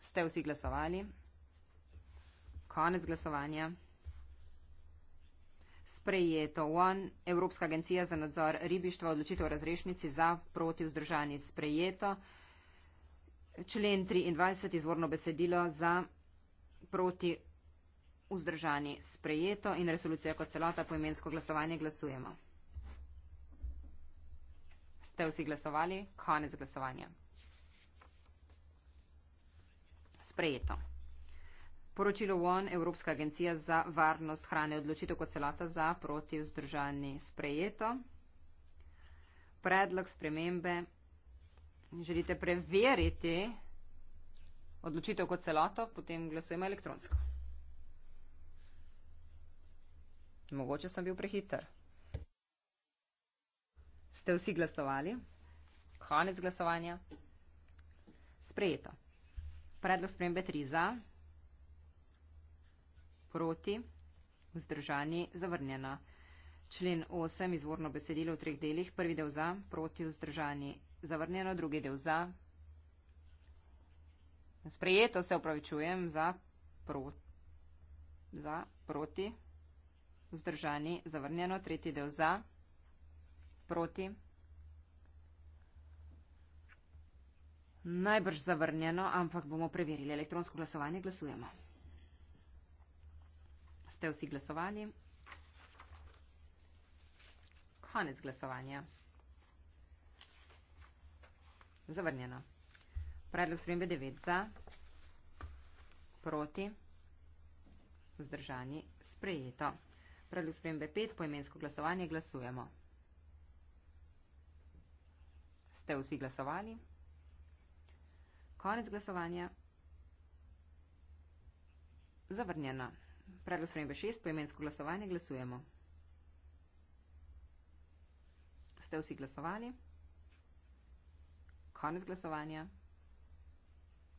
Ste vsi glasovali? Konec glasovanja. Sprejeto. One. Evropska agencija za nadzor ribištva odločitev razrešnici za proti vzdržani. Sprejeto člen 23 izvorno besedilo za proti vzdržani sprejeto in resolucija kot celota poimensko glasovanje glasujemo. Ste vsi glasovali? Konec glasovanja. Sprejeto. Poročilo ON, Evropska agencija za varnost hrane, odločitev kot celota za proti vzdržani sprejeto. Predlog spremembe Želite preveriti odločitev kot celoto, potem glasujemo elektronsko. Mogoče sem bil prehiter. Ste vsi glasovali? Konec glasovanja. Sprejeto. Predlog spremembe 3 za, proti, vzdržani, zavrnjena. Člen 8 izvorno besedilo v treh delih. Prvi del za, proti vzdržani. Zavrnjeno, drugi del za. Sprejeto se upravičujem za, pro, za proti vzdržani. Zavrnjeno, tretji del za, proti. Najbrž zavrnjeno, ampak bomo preverili elektronsko glasovanje. Glasujemo. Ste vsi glasovali? Konec glasovanja. Zavrnjeno. Predlog spremembe 9 za, proti, vzdržani, sprejeto. Predlog spremembe 5 poimensko glasovanje glasujemo. Ste vsi glasovali? Konec glasovanja. Zavrnjeno. Predlog spremembe 6 poimensko glasovanje glasujemo. Ste vsi glasovali? Konec glasovanja.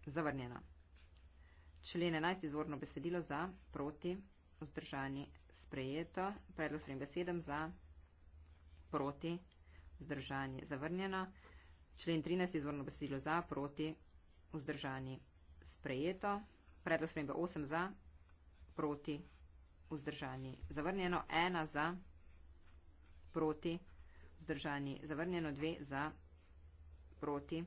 Zavrnjeno. Člen 11 izvorno besedilo za, proti, vzdržani, sprejeto, predlog sprem besedem za, proti, vzdržani, zavrnjeno. Člen 13 izvorno besedilo za, proti, vzdržani, sprejeto, predlog sprem 8 za, proti, vzdržani, zavrnjeno, ena za, proti, vzdržani zdržani, zavrnjeno dve za, proti,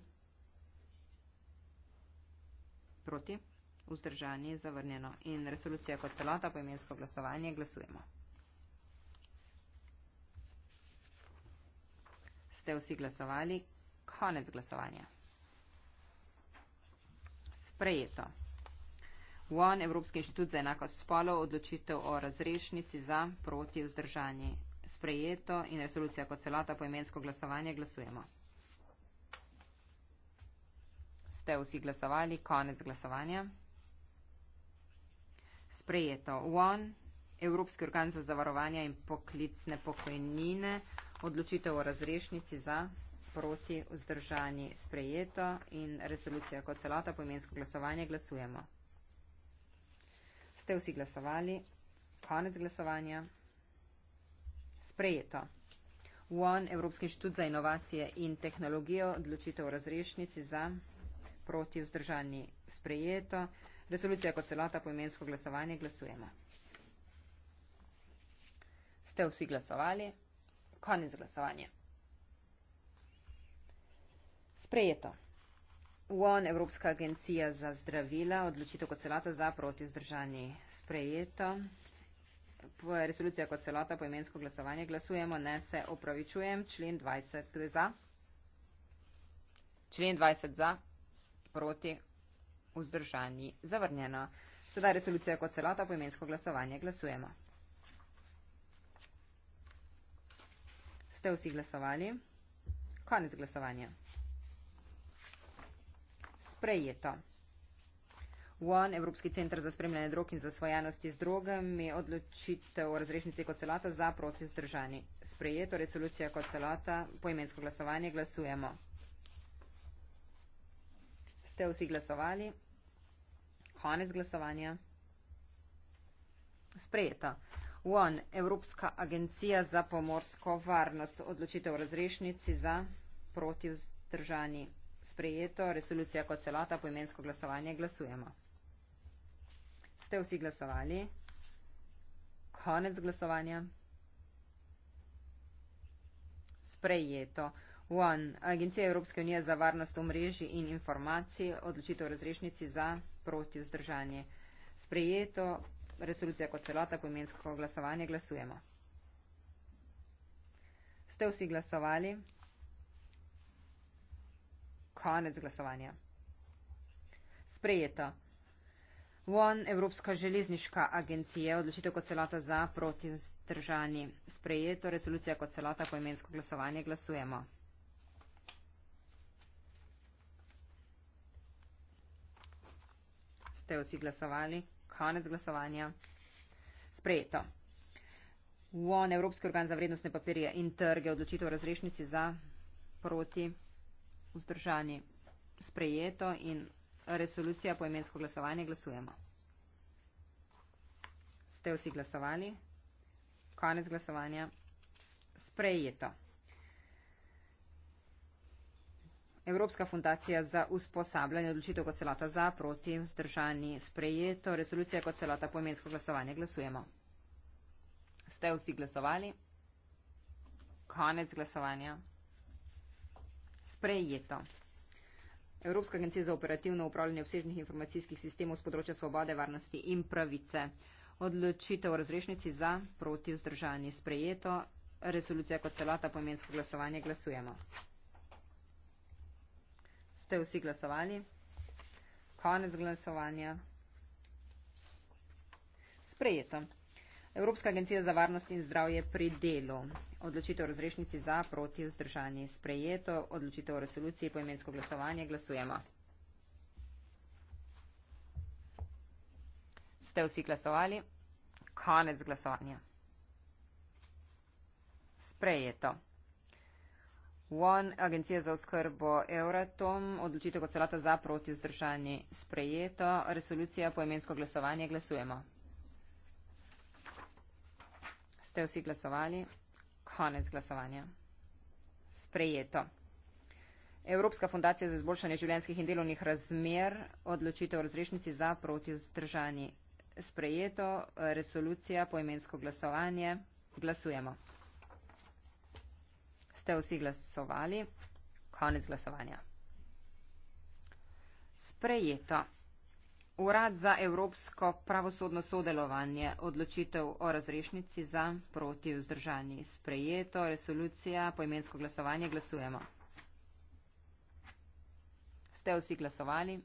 proti, vzdržani, zavrnjeno. In resolucija kot celota, poimensko glasovanje, glasujemo. Ste vsi glasovali? Konec glasovanja. Sprejeto. UON, Evropski inštitut za enakost spolov, odločitev o razrešnici za proti vzdržanje sprejeto in resolucija kot celota po imensko glasovanje. Glasujemo. Ste vsi glasovali? Konec glasovanja. Sprejeto. One, Evropski organ za zavarovanje in poklicne pokojnine, odločitev o razrešnici za proti vzdržani sprejeto in resolucija kot celota po imensko glasovanje. Glasujemo. Ste vsi glasovali? Konec glasovanja sprejeto. UON, Evropski inštitut za inovacije in tehnologijo, odločitev o razrešnici za proti vzdržanji sprejeto. Resolucija kot celota poimensko glasovanje glasujemo. Ste vsi glasovali? Konec glasovanja. Sprejeto. UON, Evropska agencija za zdravila, odločitev kot celota za proti vzdržanji sprejeto resolucija kot celota po imensko glasovanje. Glasujemo, ne se opravičujem. Člen 20, kdo je za? Člen 20 za, proti, vzdržani, zavrnjeno. Sedaj resolucija kot celota po imensko glasovanje. Glasujemo. Ste vsi glasovali? Konec glasovanja. Sprejeto. UN, Evropski centr za spremljanje drog in zasvojenosti z drogami, odločitev o razrešnici kot celota za proti vzdržani. Sprejeto resolucija kot celota, poimensko glasovanje, glasujemo. Ste vsi glasovali? Konec glasovanja. Sprejeto. UN, Evropska agencija za pomorsko varnost, odločitev o razrešnici za proti vzdržani. Sprejeto resolucija kot celota, poimensko glasovanje, glasujemo ste vsi glasovali. Konec glasovanja. Sprejeto. One. Agencija Evropske unije za varnost v mreži in informacije. Odločitev o razrešnici za proti vzdržanje. Sprejeto. Resolucija kot celota poimensko glasovanje. Glasujemo. Ste vsi glasovali? Konec glasovanja. Sprejeto. Von Evropska železniška agencija je odločitev kot celota za proti vzdržani. Sprejeto torej resolucija kot celota po imensko glasovanje glasujemo. Ste vsi glasovali? Konec glasovanja. Sprejeto. Von Evropski organ za vrednostne papirje in trge odločitev o razrešnici za proti vzdržani. Sprejeto in odločitev resolucija po imensko glasovanje. Glasujemo. Ste vsi glasovali? Konec glasovanja. Sprejeto. Evropska fundacija za usposabljanje odločitev kot celota za, proti, vzdržani, sprejeto, resolucija kot celota po imensko glasovanje. Glasujemo. Ste vsi glasovali? Konec glasovanja. Sprejeto. Evropska agencija za operativno upravljanje obsežnih informacijskih sistemov z področja svobode, varnosti in pravice. Odločitev o razrešnici za proti vzdržanje sprejeto. Resolucija kot celata pomensko glasovanje glasujemo. Ste vsi glasovali? Konec glasovanja. Sprejeto. Evropska agencija za varnost in zdravje pri delu. Odločitev o razrešnici za proti vzdržanje sprejeto, odločitev o resoluciji poimensko glasovanje glasujemo. Ste vsi glasovali? Konec glasovanja. Sprejeto. UON, Agencija za oskrbo Euratom, odločitev kot celata za proti vzdržanje sprejeto, resolucija poimensko glasovanje glasujemo. Ste vsi glasovali? Konec glasovanja. Sprejeto. Evropska fundacija za izboljšanje življenjskih in delovnih razmer odločitev o razrešnici za proti vzdržani. Sprejeto. Resolucija poimensko glasovanje. Glasujemo. Ste vsi glasovali? Konec glasovanja. Sprejeto. Urad za evropsko pravosodno sodelovanje odločitev o razrešnici za proti vzdržanji. Sprejeto resolucija, poimensko glasovanje, glasujemo. Ste vsi glasovali?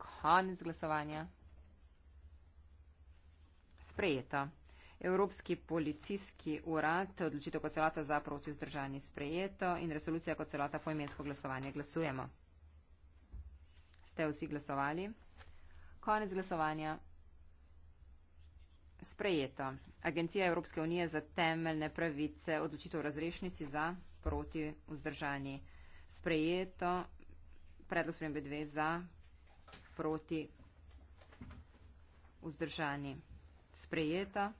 Konec glasovanja. Sprejeto. Evropski policijski urad, odločitev kot celata za proti vzdržanji sprejeto in resolucija kot celata poimensko glasovanje. Glasujemo ste vsi glasovali. Konec glasovanja. Sprejeto. Agencija Evropske unije za temeljne pravice odločitev razrešnici za proti vzdržanji. Sprejeto. Predlog spremembe dve za proti vzdržanji. Sprejeto.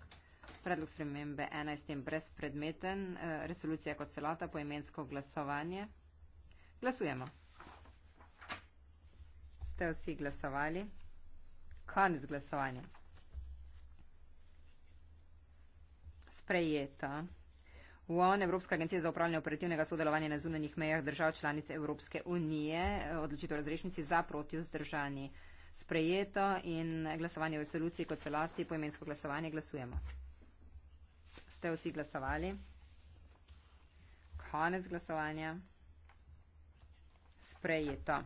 Predlog spremembe ena je s tem brezpredmeten. Eh, resolucija kot celota poimensko glasovanje. Glasujemo ste vsi glasovali. Konec glasovanja. Sprejeto. UON, Evropska agencija za upravljanje operativnega sodelovanja na zunanjih mejah držav članic Evropske unije, odločitev razrešnici za proti vzdržani. Sprejeto in glasovanje v resoluciji kot celoti, poimensko glasovanje, glasujemo. Ste vsi glasovali? Konec glasovanja. Sprejeto.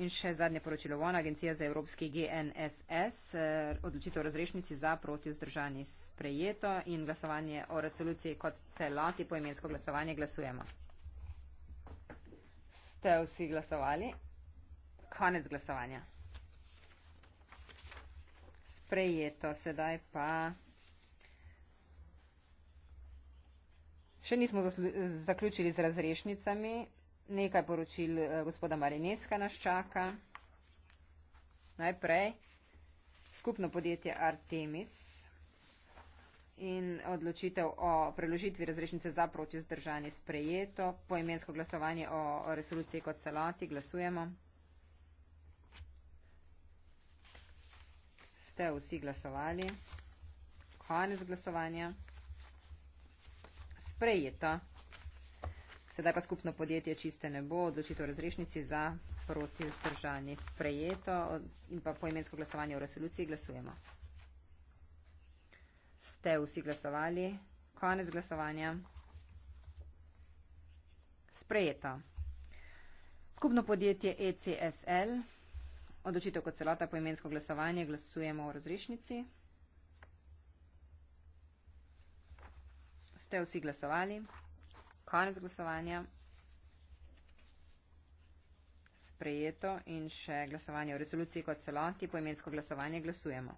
In še zadnje poročilo ONA, agencija za evropski GNSS, eh, odločitev o razrešnici za proti vzdržani sprejeto in glasovanje o resoluciji kot celoti po imensko glasovanje glasujemo. Ste vsi glasovali? Konec glasovanja. Sprejeto sedaj pa. Še nismo zaključili z razrešnicami. Nekaj poročil eh, gospoda Marineska nas čaka. Najprej skupno podjetje Artemis in odločitev o preložitvi razrešnice za proti vzdržanje sprejeto. Poimensko glasovanje o resoluciji kot celoti glasujemo. Ste vsi glasovali? Konec glasovanja. Sprejeto. Sedaj pa skupno podjetje čiste ne bo, odločitev razrešnici za proti vzdržanje sprejeto in pa poimensko glasovanje v resoluciji glasujemo. Ste vsi glasovali? Konec glasovanja. Sprejeto. Skupno podjetje ECSL, odločitev kot celota poimensko glasovanje glasujemo v razrešnici. Ste vsi glasovali? konec glasovanja sprejeto in še glasovanje o rezoluciji kot celoti, poimensko glasovanje glasujemo.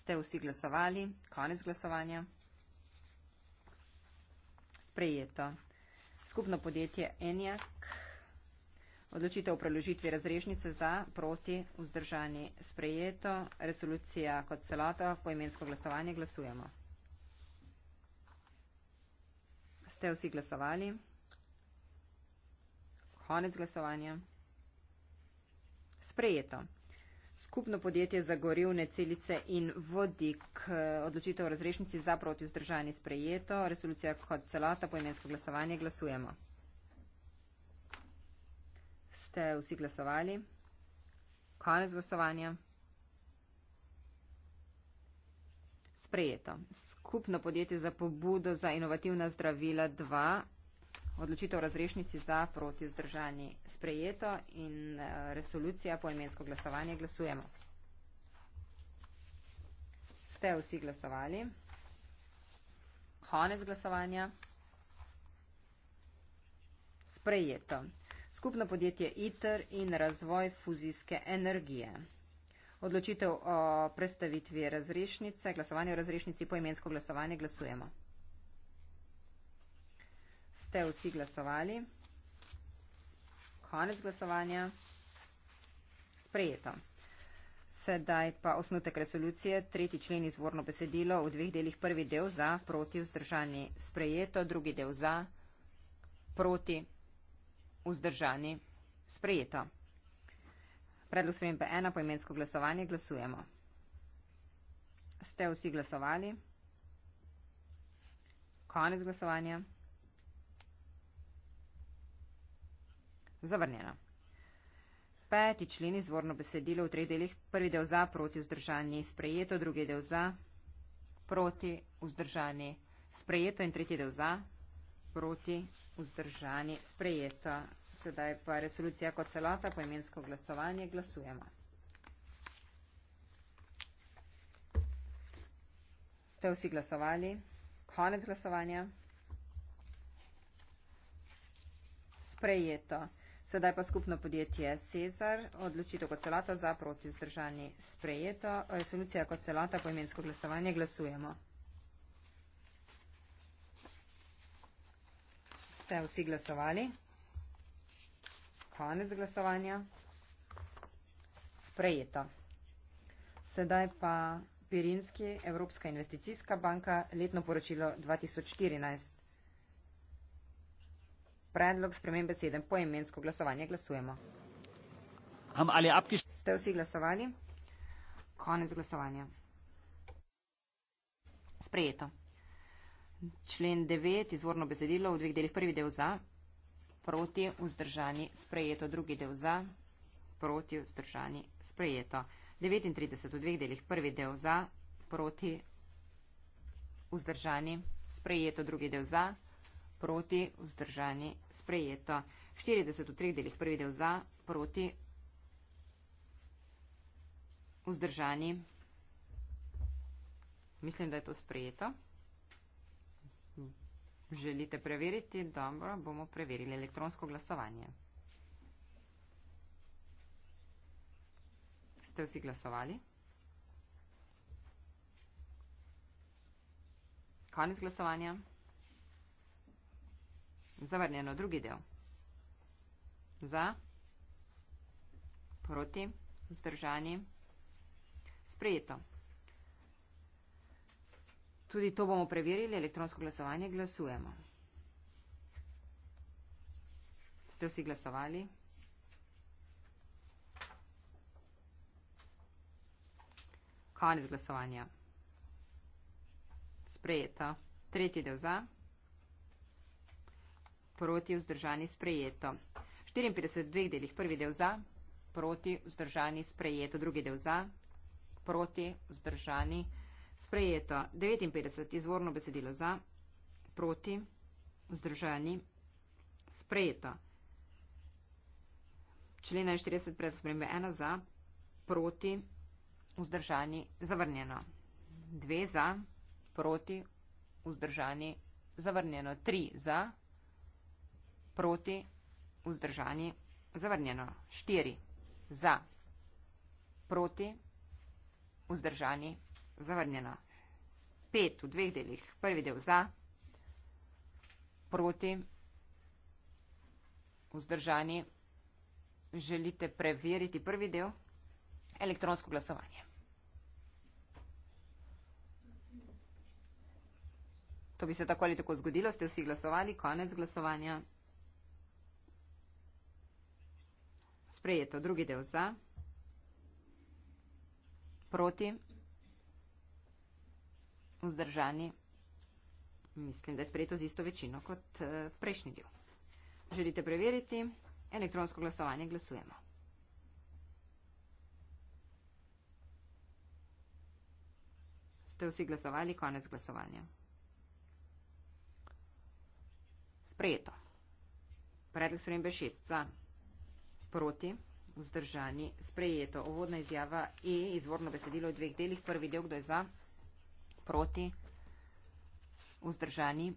Ste vsi glasovali? Konec glasovanja? Sprejeto. Skupno podjetje Enjak. Odločitev o preložitvi razrešnice za, proti, vzdržani, sprejeto, resolucija kot celota, poimensko glasovanje, glasujemo. Ste vsi glasovali? Konec glasovanja. Sprejeto. Skupno podjetje za gorivne celice in vodik odločitev o razrešnici za proti vzdržanje sprejeto, resolucija kot celota, poimensko glasovanje, glasujemo ste vsi glasovali. Konec glasovanja. Sprejeto. Skupno podjetje za pobudo za inovativna zdravila 2. Odločitev razrešnici za proti zdržanji. Sprejeto in eh, resolucija po imensko glasovanje. Glasujemo. Ste vsi glasovali. Konec glasovanja. Sprejeto skupno podjetje ITER in razvoj fuzijske energije. Odločitev o predstavitvi razrešnice, glasovanje o razrešnici, poimensko glasovanje, glasujemo. Ste vsi glasovali? Konec glasovanja. Sprejeto. Sedaj pa osnutek resolucije, tretji člen izvorno besedilo, v dveh delih prvi del za, proti vzdržani sprejeto, drugi del za, proti vzdržani. Sprejeto. Predlog spremembe 1 po imensko glasovanje glasujemo. Ste vsi glasovali? Konec glasovanja. Zavrnjeno. Peti člen izvorno besedilo v treh delih. Prvi del za, proti vzdržani, sprejeto. Drugi del za, proti vzdržani, sprejeto. In tretji del za, proti vzdržani sprejeto. Sedaj pa resolucija kot celota, poimensko glasovanje, glasujemo. Ste vsi glasovali? Konec glasovanja. Sprejeto. Sedaj pa skupno podjetje Cezar, odločitev kot celota za proti vzdržani sprejeto. Resolucija kot celota, poimensko glasovanje, glasujemo. ste vsi glasovali. Konec glasovanja. Sprejeto. Sedaj pa Pirinski, Evropska investicijska banka, letno poročilo 2014. Predlog spremembe 7. Poimensko glasovanje glasujemo. Ste vsi glasovali? Konec glasovanja. Sprejeto. Člen 9, izvorno besedilo v dveh delih. Prvi del za, proti, vzdržani, sprejeto. Drugi del za, proti, vzdržani, sprejeto. 39 v dveh delih. Prvi del za, proti, vzdržani, sprejeto. Drugi del za, proti, vzdržani, sprejeto. 40 v treh delih. Prvi del za, proti, vzdržani. Mislim, da je to sprejeto. Želite preveriti? Dobro, bomo preverili elektronsko glasovanje. Ste vsi glasovali? Konec glasovanja. Zavrnjeno drugi del. Za. Proti. Zdržani. Sprejeto. Tudi to bomo preverili, elektronsko glasovanje glasujemo. Ste vsi glasovali? Konec glasovanja. Sprejeto. Tretji del za. Proti vzdržani sprejeto. 54 delih. Prvi del za. Proti vzdržani sprejeto. Drugi del za. Proti vzdržani sprejeto. Sprejeto 59 izvorno besedilo za, proti, vzdržani. Sprejeto. Člena 40 pred spremembe 1 za, proti, vzdržani, zavrnjeno. 2 za, proti, vzdržani, zavrnjeno. 3 za, proti, vzdržani, zavrnjeno. 4 za, proti, vzdržani, zavrnjeno zavrnjena. Pet v dveh delih. Prvi del za, proti, vzdržani. Želite preveriti prvi del? Elektronsko glasovanje. To bi se tako ali tako zgodilo, ste vsi glasovali, konec glasovanja. Sprejeto, drugi del za, proti vzdržani, mislim, da je sprejeto z isto večino kot eh, prejšnji del. Želite preveriti? Elektronsko glasovanje glasujemo. Ste vsi glasovali? Konec glasovanja. Sprejeto. Predlog spremembe šestca. Proti. Vzdržani. Sprejeto. Ovodna izjava E. Izvorno besedilo v dveh delih. Prvi del, kdo je za? proti, vzdržani,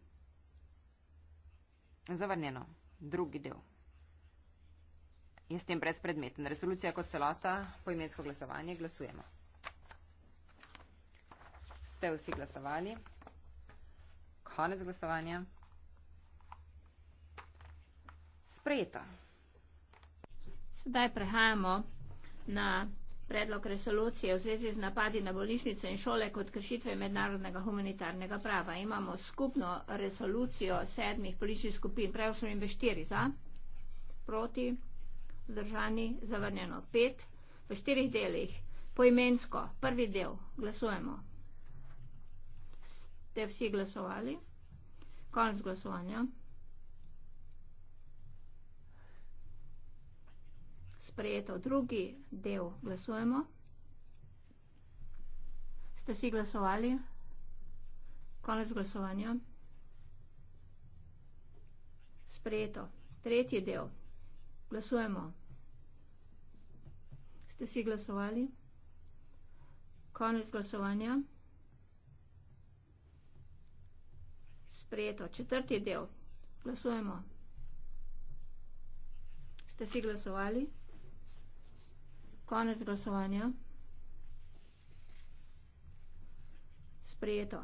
zavrnjeno, drugi del. Je s tem brezpredmeten. Resolucija kot celota, poimensko glasovanje, glasujemo. Ste vsi glasovali? Konec glasovanja. Sprejeto. Sedaj prehajamo na predlog resolucije v zvezi z napadi na bolnišnice in šole kot kršitve mednarodnega humanitarnega prava. Imamo skupno resolucijo sedmih političnih skupin, prav so jim štiri za, proti, zdržani, zavrnjeno pet, v štirih delih, poimensko, prvi del, glasujemo. Ste vsi glasovali? Konec glasovanja. sprejeto. Drugi del glasujemo. Ste si glasovali? Konec glasovanja. Sprejeto. Tretji del. Glasujemo. Ste si glasovali? Konec glasovanja. Sprejeto. Četrti del. Glasujemo. Ste si glasovali? Konec glasovanja. Sprejeto.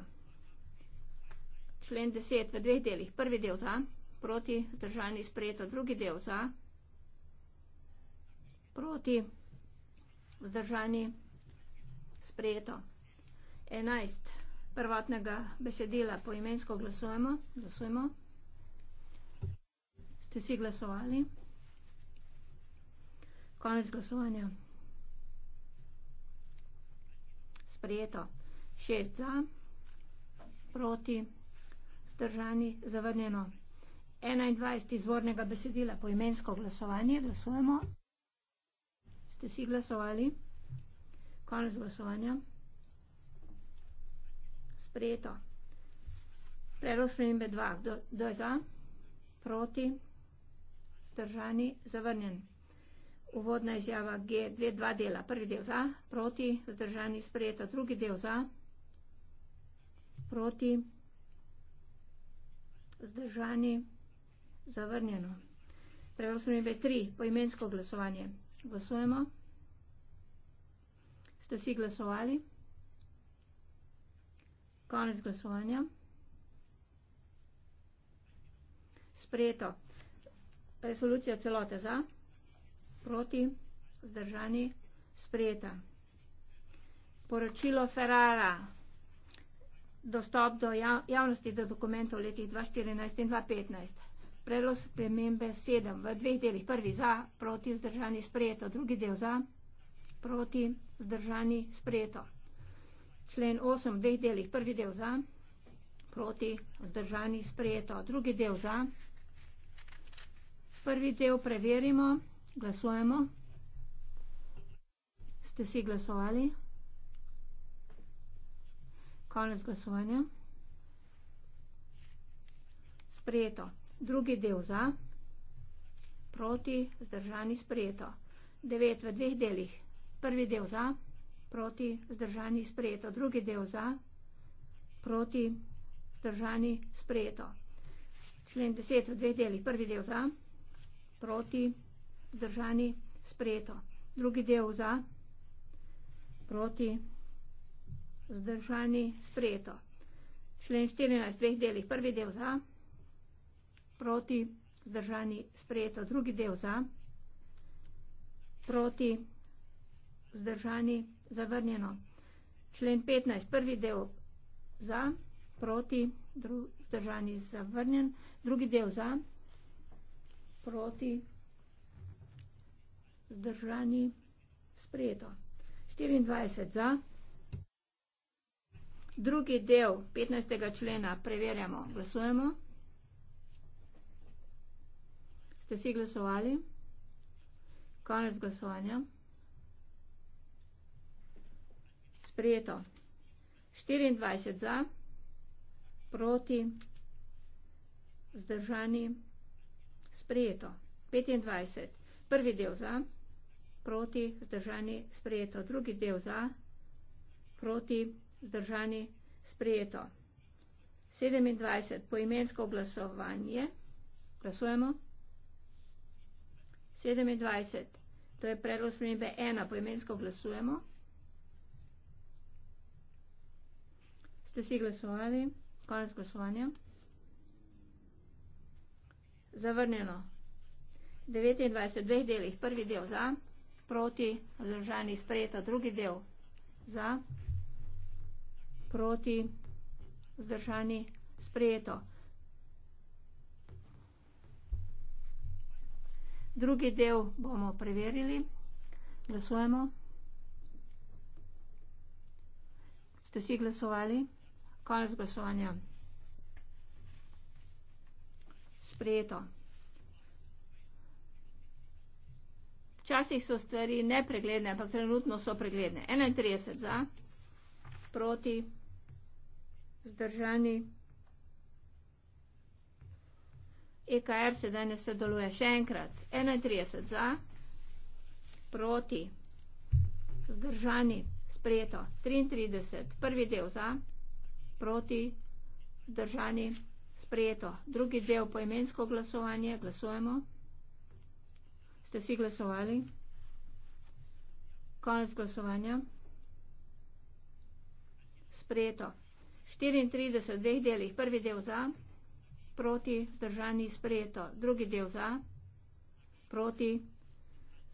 Člen 10 v dveh delih. Prvi del za, proti, zdržani sprejeto. Drugi del za, proti, zdržani sprejeto. 11. Prvotnega besedila poimensko glasujemo. Glasujemo. Ste si glasovali? Konec glasovanja. sprejeto. Šest za, proti, zdržani, zavrnjeno. 21 izvornega besedila po imensko glasovanje. Glasujemo. Ste vsi glasovali? Konec glasovanja. Sprejeto. Predlog spremembe 2. Kdo je za? Proti. Zdržani. Zavrnjen uvodna izjava G, dve, dva dela. Prvi del za, proti, vzdržani sprejeto. Drugi del za, proti, vzdržani, zavrnjeno. Prevrstno ime tri, poimensko glasovanje. Glasujemo. Ste si glasovali? Konec glasovanja. Sprejeto. Resolucija celote za proti, zdržani, sprejeta. Poročilo Ferrara, dostop do ja, javnosti do dokumentov letih 2014 in 2015. Predlog spremembe 7 v dveh delih. Prvi za, proti, zdržani, sprejeto. Drugi del za, proti, zdržani, sprejeto. Člen 8 v dveh delih. Prvi del za, proti, zdržani, sprejeto. Drugi del za. Prvi del preverimo. Glasujemo. Ste vsi glasovali? Konec glasovanja. Sprejeto. Drugi del za. Proti. Zdržani. Sprejeto. Devet v dveh delih. Prvi del za. Proti. Zdržani. Sprejeto. Drugi del za. Proti. Zdržani. Sprejeto. Člen deset v dveh delih. Prvi del za. Proti. Zdržani. Sprejeto zdržani sprejeto. Drugi del za, proti, zdržani sprejeto. Člen 14, dveh delih. Prvi del za, proti, zdržani sprejeto. Drugi del za, proti, zdržani zavrnjeno. Člen 15, prvi del za, proti, zdržani zavrnjen. Drugi del za, proti, zdržani zavrnjeno zdržani, sprejeto. 24 za. Drugi del 15. člena preverjamo, glasujemo. Ste si glasovali? Konec glasovanja. Sprejeto. 24 za, proti, zdržani, sprejeto. 25. Prvi del za proti, zdržani, sprejeto. Drugi del za, proti, zdržani, sprejeto. 27. Poimensko glasovanje. Glasujemo. 27. To je predlog spremembe 1. Poimensko glasujemo. Ste si glasovali? Konec glasovanja. Zavrnjeno. 29. Dveh delih. Prvi del za proti, vzdržani sprejeta drugi del, za, proti, vzdržani sprejeto. Drugi del bomo preverili, glasujemo. Ste vsi glasovali? Konec glasovanja. Sprejeto. Včasih so stvari nepregledne, ampak trenutno so pregledne. 31 za, proti, zdržani. EKR er se danes sodeluje še enkrat. 31 za, proti, zdržani, sprejeto. 33, prvi del za, proti, zdržani, sprejeto. Drugi del poimensko glasovanje, glasujemo. Ste si glasovali? Konec glasovanja. Sprejeto. 34 dveh delih. Prvi del za, proti, zdržani, sprejeto. Drugi del za, proti,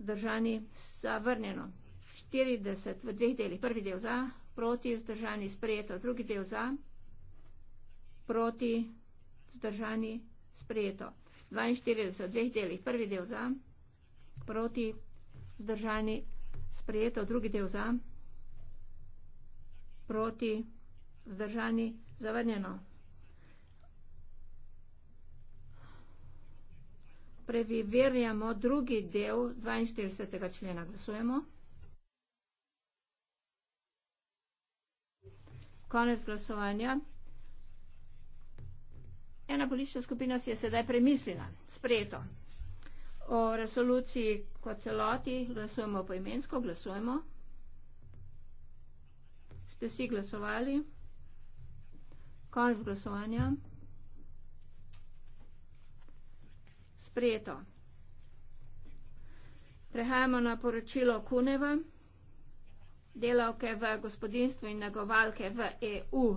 zdržani, zavrnjeno. 40 v dveh delih. Prvi del za, proti, zdržani, sprejeto. Drugi del za, proti, zdržani, sprejeto. 42 v dveh delih. Prvi del za proti zdržani sprejeto drugi del za proti zdržani zavrnjeno preverjamo drugi del 42. člena glasujemo konec glasovanja ena politična skupina si je sedaj premislila sprejeto O resoluciji kot celoti glasujemo poimensko, glasujemo. Ste vsi glasovali? Konec glasovanja. Sprejeto. Prehajamo na poročilo Kuneva, delavke v gospodinstvu in negovalke v EU.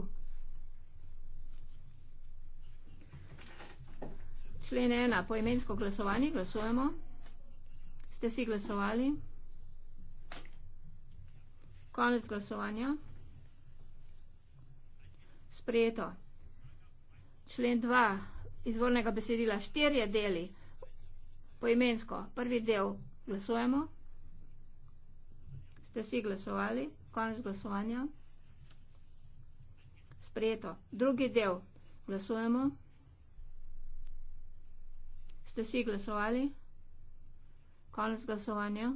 člen ena, poimensko glasovanje, glasujemo. Ste si glasovali? Konec glasovanja. Sprejeto. Člen dva izvornega besedila štirje deli, poimensko. Prvi del glasujemo. Ste si glasovali? Konec glasovanja. Sprejeto. Drugi del glasujemo. Ste si glasovali? Konec glasovanja.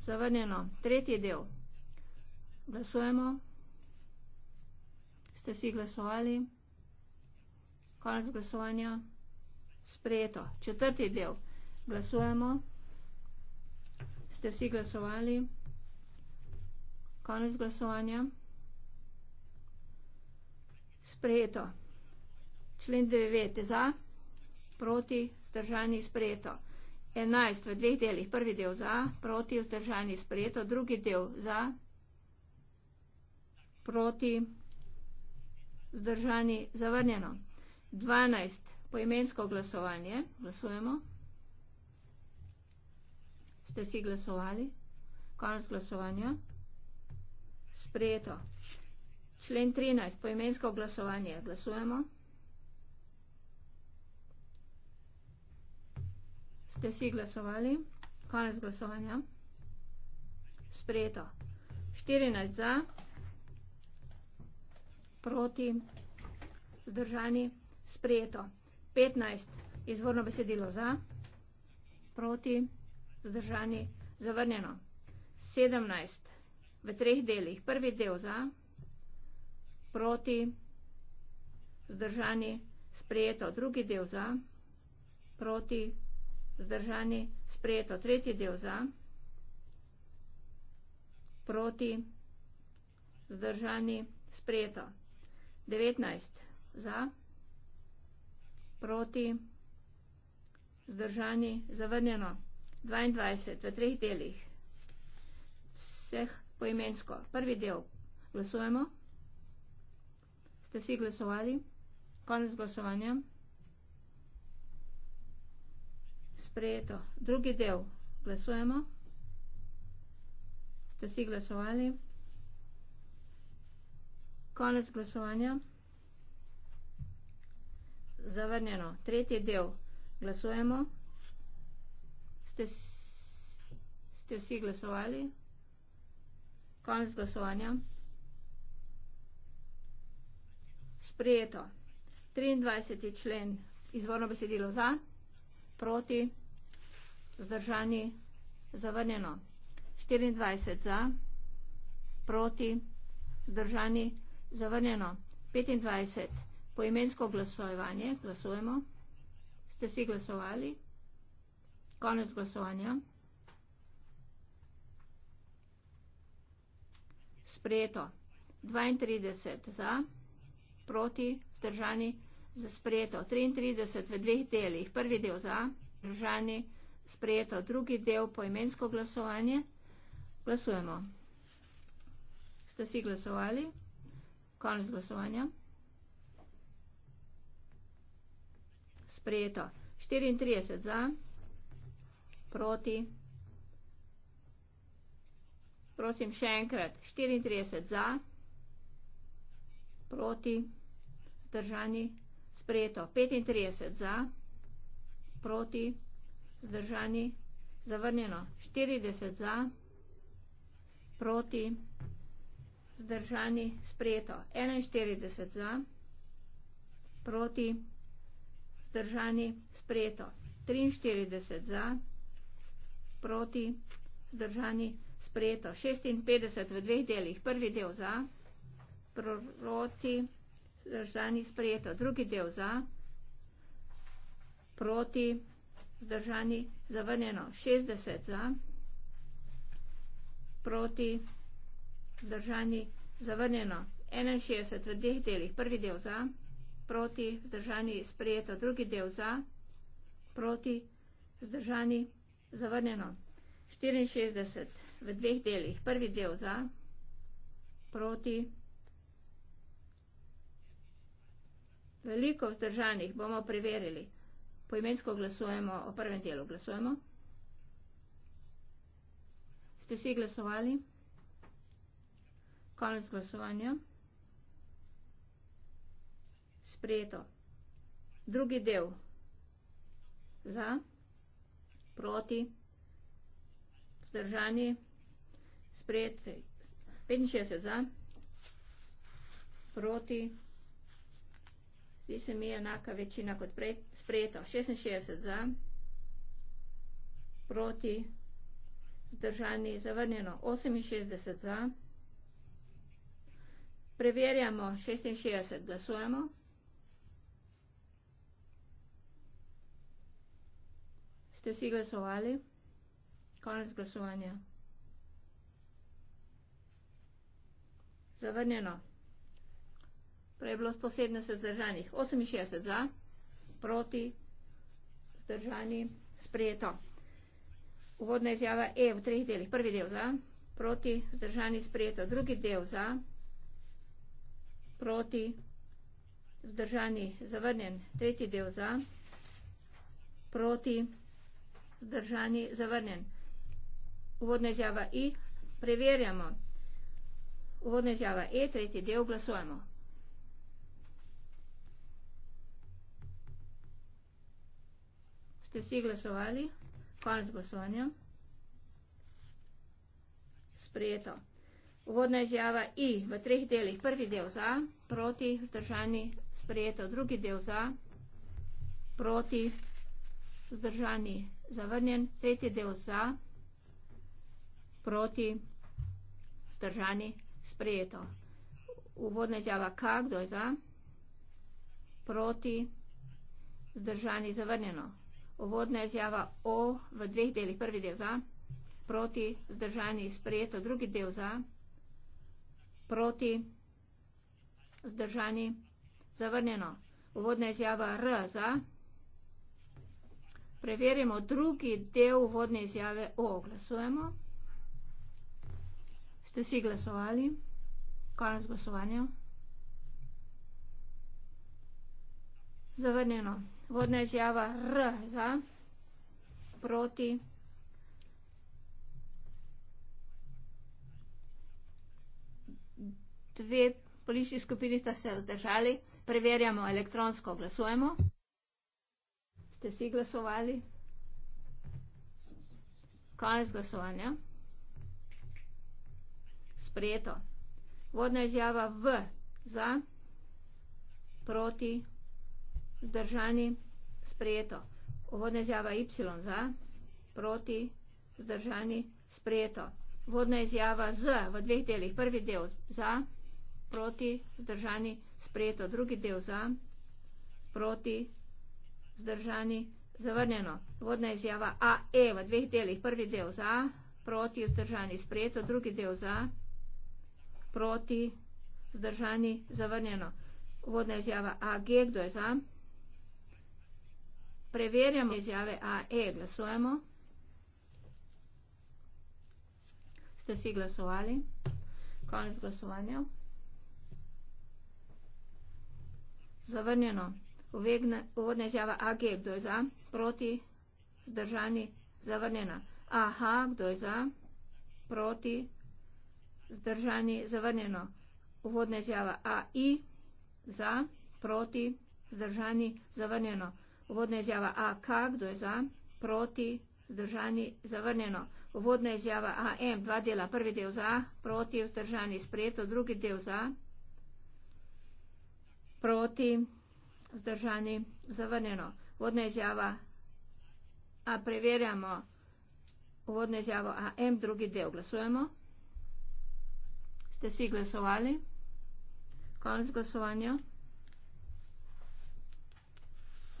Zavrnjeno. Tretji del. Glasujemo. Ste si glasovali? Konec glasovanja. Sprejeto. Četrti del. Glasujemo. Ste si glasovali? Konec glasovanja. Sprejeto člen 9 za, proti, vzdržani, sprejeto. 11 v dveh delih, prvi del za, proti, vzdržani, sprejeto, drugi del za, proti, vzdržani, zavrnjeno. 12 poimensko glasovanje, glasujemo. Ste si glasovali? Konec glasovanja. Sprejeto. Člen 13, poimensko glasovanje, glasujemo. ste si glasovali. Konec glasovanja. Sprejeto. 14 za, proti, zdržani, sprejeto. 15 izvorno besedilo za, proti, zdržani, zavrnjeno. 17 v treh delih. Prvi del za, proti, zdržani, sprejeto. Drugi del za, proti, zdržani zdržani, sprejeto tretji del za, proti, zdržani, sprejeto 19 za, proti, zdržani, zavrnjeno 22 v treh delih, vseh poimensko. Prvi del glasujemo. Ste si glasovali? Konec glasovanja. sprejeto. Drugi del. Glasujemo. Ste si glasovali? Konec glasovanja. Zavrnjeno. Tretji del. Glasujemo. Ste, ste vsi glasovali? Konec glasovanja. Sprijeto. 23. člen. Izvorno besedilo za. Proti. Zdržani, zavrnjeno. 24 za, proti, zdržani, zavrnjeno. 25, poimensko glasovanje, glasujemo. Ste si glasovali? Konec glasovanja. Sprejeto. 32 za, proti, zdržani, za sprejeto. 33 v dveh delih. Prvi del za, zdržani, zavrnjeno sprejeto drugi del poimensko glasovanje. Glasujemo. Ste si glasovali? Konec glasovanja. Sprejeto. 34 za, proti. Prosim še enkrat. 34 za, proti, zdržani. Sprejeto. 35 za, proti zdržani, zavrnjeno 40 za, proti, zdržani, sprejeto 41 za, proti, zdržani, sprejeto 43 za, proti, zdržani, sprejeto 56 v dveh delih, prvi del za, proti, zdržani, sprejeto drugi del za, proti, zdržani, sprejeto vzdržani, zavrnjeno 60 za, proti vzdržani, zavrnjeno 61 v dveh delih, prvi del za, proti vzdržani, sprejeto drugi del za, proti vzdržani, zavrnjeno 64 v dveh delih, prvi del za, proti. Veliko vzdržanih bomo preverili poimensko glasujemo, o prvem delu glasujemo. Ste vsi glasovali? Konec glasovanja. Sprejeto. Drugi del. Za. Proti. Zdržani. Sprejeti. 65 za. Proti. Zdi se mi enaka večina kot prej sprejeta. 66 za, proti, zdržani, zavrnjeno. 68 za, preverjamo 66, glasujemo. Ste si glasovali? Konec glasovanja. Zavrnjeno. Prej je bilo 170 zdržanih, 68 za, proti, zdržani, sprejeto. Uvodna izjava E v treh delih. Prvi del za, proti, zdržani, sprejeto. Drugi del za, proti, zdržani, zavrnjen. Tretji del za, proti, zdržani, zavrnjen. Uvodna izjava I, preverjamo. Uvodna izjava E, tretji del, glasujemo. ste si glasovali? Konc glasovanja. Sprejeto. Uvodna izjava I v treh delih. Prvi del za, proti, zdržani, sprejeto. Drugi del za, proti, zdržani, zavrnjen. Tretji del za, proti, zdržani, sprejeto. Uvodna izjava K, kdo je za, proti, zdržani, zavrnjeno uvodna izjava o v dveh delih. Prvi del za, proti, zdržani, sprejeto. Drugi del za, proti, zdržani, zavrnjeno. Uvodna izjava R za. Preverimo drugi del uvodne izjave O. Glasujemo. Ste si glasovali? Konec glasovanja. Zavrnjeno vodna izjava R za proti. Dve politični skupini sta se vzdržali. Preverjamo elektronsko, glasujemo. Ste si glasovali? Konec glasovanja. Sprejeto. Vodna izjava V za proti zdržani, sprejeto. Vodna izjava Y za, proti, zdržani, sprejeto. Vodna izjava Z v dveh delih. Prvi del za, proti, zdržani, sprejeto. Drugi del za, proti, zdržani, zavrnjeno. Vodna izjava AE v dveh delih. Prvi del za, proti, zdržani, sprejeto. Drugi del za, proti, zdržani, zavrnjeno. Vodna izjava AG, kdo je za? preverjamo izjave A, E, glasujemo. Ste si glasovali? Konec glasovanja. Zavrnjeno. Uvegne, uvodna izjava A, G, kdo je za? Proti, zdržani, zavrnjena. Aha, kdo je za? Proti, zdržani, zavrnjeno. Uvodna izjava A, I, za? Proti, zdržani, zavrnjeno. Uvodna izjava A, ka, kdo je za, proti, zdržani, zavrnjeno. Uvodna izjava A, M, dva dela, prvi del za, proti, vzdržani, sprejeto, drugi del za, proti, vzdržani, zavrnjeno. Uvodna izjava A, preverjamo. Uvodna izjava A, M, drugi del, glasujemo. Ste si glasovali? Konec glasovanja.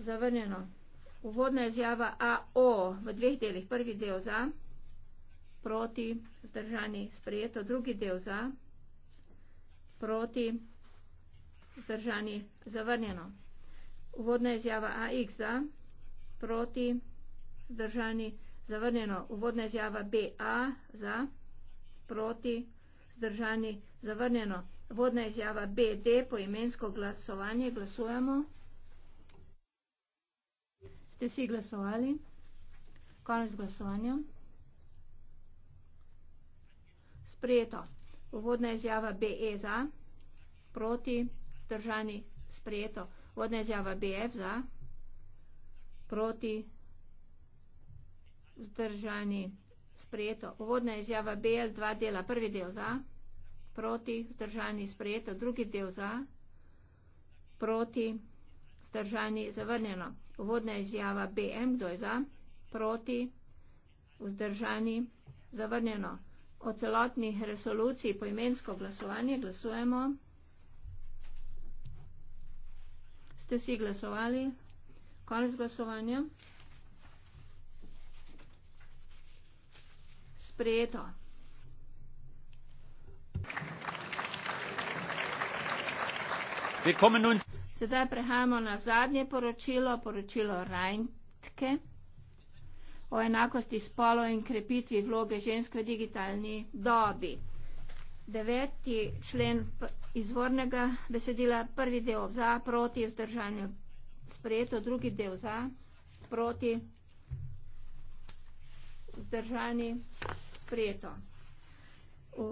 Zavrnjeno. Uvodna izjava AO v dveh delih. Prvi del za, proti, zdržani, sprejeto. Drugi del za, proti, zdržani, zavrnjeno. Uvodna izjava AX za, proti, zdržani, zavrnjeno. Uvodna izjava BA za, proti, zdržani, zavrnjeno. Uvodna izjava BD, poimensko glasovanje, glasujemo. Ste vsi glasovali? Konec glasovanja. Sprejeto. Uvodna izjava BE za, proti, zdržani, sprejeto. Uvodna izjava BF za, proti, zdržani, sprejeto. Uvodna izjava BL dva dela, prvi del za, proti, zdržani, sprejeto. Drugi del za, proti, zdržani, zavrnjeno. Uvodna izjava BM, kdo je za, proti, vzdržani, zavrnjeno. O celotnih resoluciji poimensko glasovanje glasujemo. Ste vsi glasovali? Konec glasovanja. Sprejeto. Wir kommen nun Sedaj prehajamo na zadnje poročilo, poročilo Rajntke o enakosti spolo in krepitvi vloge ženske v digitalni dobi. Deveti člen izvornega besedila, prvi del za, proti vzdržanju sprejeto, drugi del za, proti vzdržanju sprejeto. V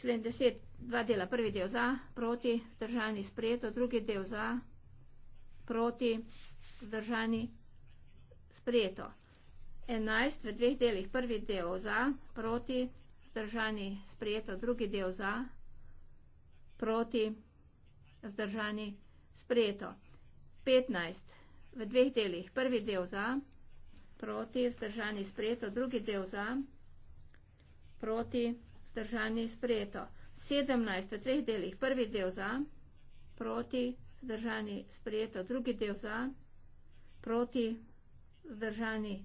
člen deset dva dela, prvi del za, proti, vzdržani, sprejeto, drugi del za, proti, vzdržani, sprejeto. 11 v dveh delih, prvi del za, proti, vzdržani, sprejeto, drugi del za, proti, vzdržani, sprejeto. 15 v dveh delih, prvi del za, proti, vzdržani, sprejeto, drugi del za, proti, vzdržani, sprejeto. 17 v treh delih. Prvi del za, proti, zdržani, sprijeto. Drugi del za, proti, zdržani,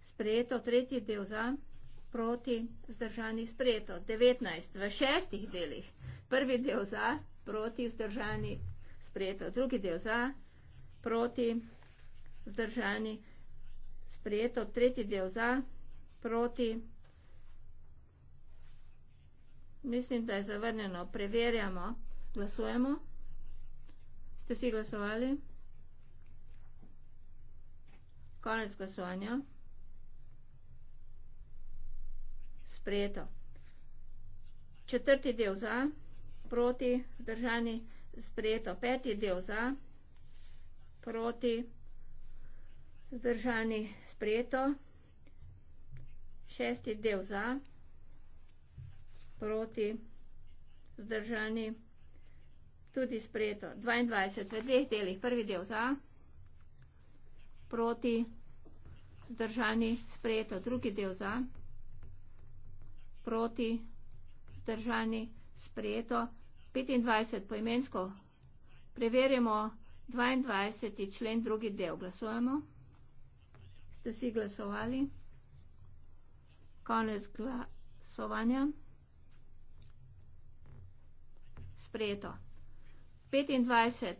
sprijeto. Tretji del za, proti, zdržani, sprijeto. 19 v šestih delih. Prvi del za, proti, zdržani, sprijeto. Drugi del za, proti, zdržani, sprijeto. Tretji del za, proti, zdržani, sprijeto. Mislim, da je zavrnjeno. Preverjamo. Glasujemo. Ste si glasovali? Konec glasovanja. Sprejeto. Četrti del za, proti, vzdržani, sprejeto. Peti del za, proti, vzdržani, sprejeto. Šesti del za, proti, zdržani, tudi spreto. 22 v dveh delih, prvi del za, proti, zdržani, spreto, drugi del za, proti, zdržani, spreto. 25 poimensko, preverimo 22. člen, drugi del, glasujemo. Ste si glasovali? Konec glasovanja. sprejeto. 25.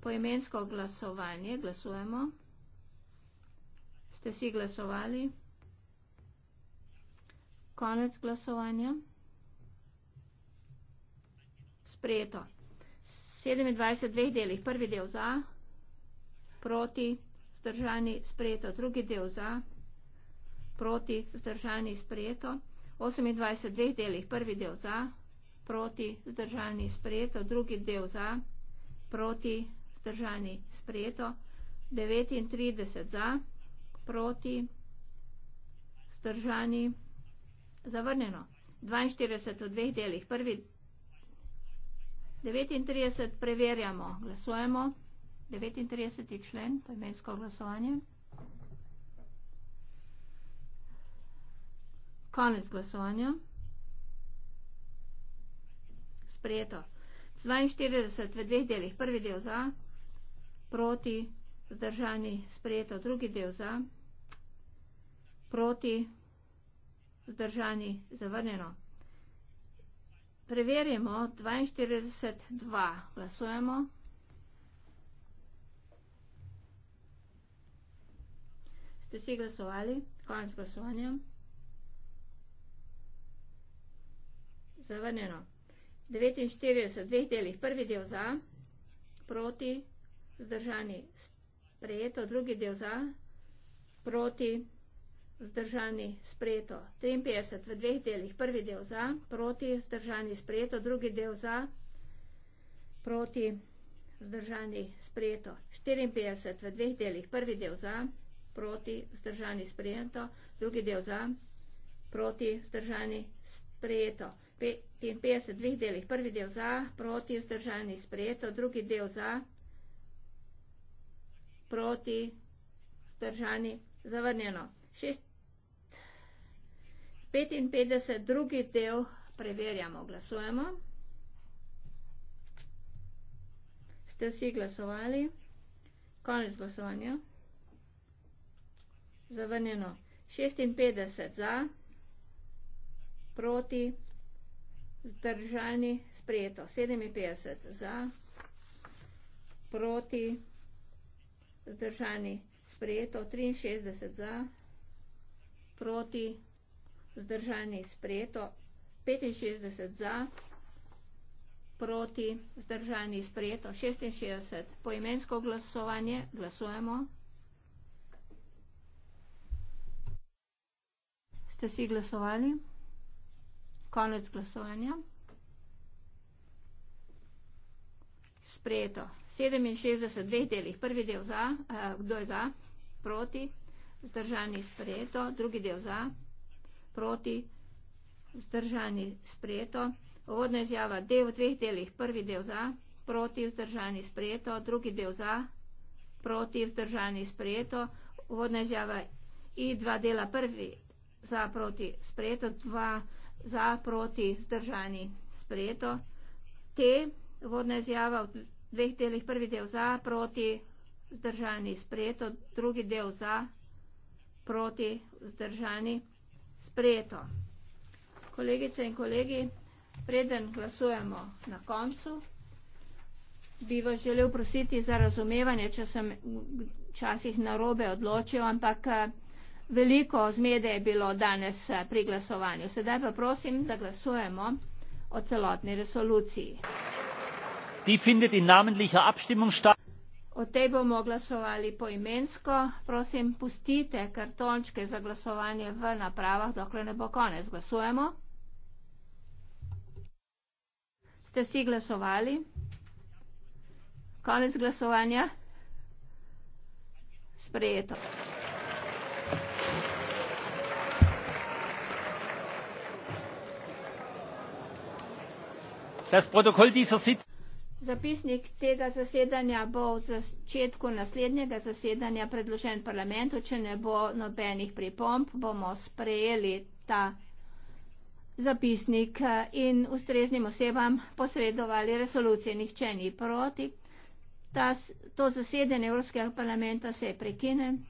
Poimensko glasovanje. Glasujemo. Ste si glasovali? Konec glasovanja. Sprejeto. 27 dveh delih. Prvi del za, proti, zdržani, sprejeto. Drugi del za, proti, zdržani, sprejeto. 28 dveh delih. Prvi del za, proti vzdržani sprejeto, drugi del za, proti vzdržani sprejeto, 39 za, proti vzdržani zavrnjeno, 42 v dveh delih, prvi 39 preverjamo, glasujemo, 39. člen, poimensko glasovanje. Konec glasovanja sprejeto. 42 v dveh delih. Prvi del za, proti, zdržani, sprejeto. Drugi del za, proti, zdržani, zavrnjeno. Preverimo 42.2. Glasujemo. Ste si glasovali? Konec glasovanja. Zavrnjeno. 42.2. 49 v dveh delih. Prvi del za, proti, zdržani, sprejeto. Drugi del za, proti, zdržani, sprejeto. 53 v dveh delih. Prvi del za, proti, zdržani, sprejeto. Drugi del za, proti, zdržani, sprejeto. 54 v dveh delih. Prvi del za, proti, zdržani, sprejeto. Drugi del za, proti, zdržani, sprejeto sprejeto. Pe, 55 dveh delih. Prvi del za, proti, vzdržani sprejeto. Drugi del za, proti, vzdržani zavrnjeno. 55 drugi del preverjamo, glasujemo. Ste vsi glasovali? Konec glasovanja. Zavrnjeno. 56 za proti, zdržani, sprejeto 57 za, proti, zdržani, sprejeto 63 za, proti, zdržani, sprejeto 65 za, proti, zdržani, sprejeto 66. Poimensko glasovanje glasujemo. Ste si glasovali? Konec glasovanja. Sprejeto. 67 dveh delih. Prvi del za, eh, kdo je za, proti, zdržani sprejeto. Drugi del za, proti, zdržani sprejeto. Uvodna izjava, del v dveh delih. Prvi del za, proti, zdržani sprejeto. Drugi del za, proti, zdržani sprejeto. Uvodna izjava in dva dela. Prvi za, proti, sprejeto. Dva, za, proti, zdržani, sprejeto. Te vodna izjava v dveh delih, prvi del za, proti, zdržani, sprejeto, drugi del za, proti, zdržani, sprejeto. Kolegice in kolegi, preden glasujemo na koncu, bi vas želel prositi za razumevanje, če sem včasih narobe odločil, ampak. Veliko zmede je bilo danes eh, pri glasovanju. Sedaj pa prosim, da glasujemo o celotni resoluciji. O tej bomo glasovali poimensko. Prosim, pustite kartončke za glasovanje v napravah, dokler ne bo konec. Glasujemo. Ste vsi glasovali? Konec glasovanja? Sprejeto. Zapisnik tega zasedanja bo v začetku naslednjega zasedanja predložen parlamentu. Če ne bo nobenih pripomp, bomo sprejeli ta zapisnik eh, in ustreznim osebam posredovali resolucije. Nihče ni proti. Ta, to zasedanje Evropskega parlamenta se je prekinem.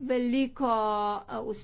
Veliko eh, uspeha.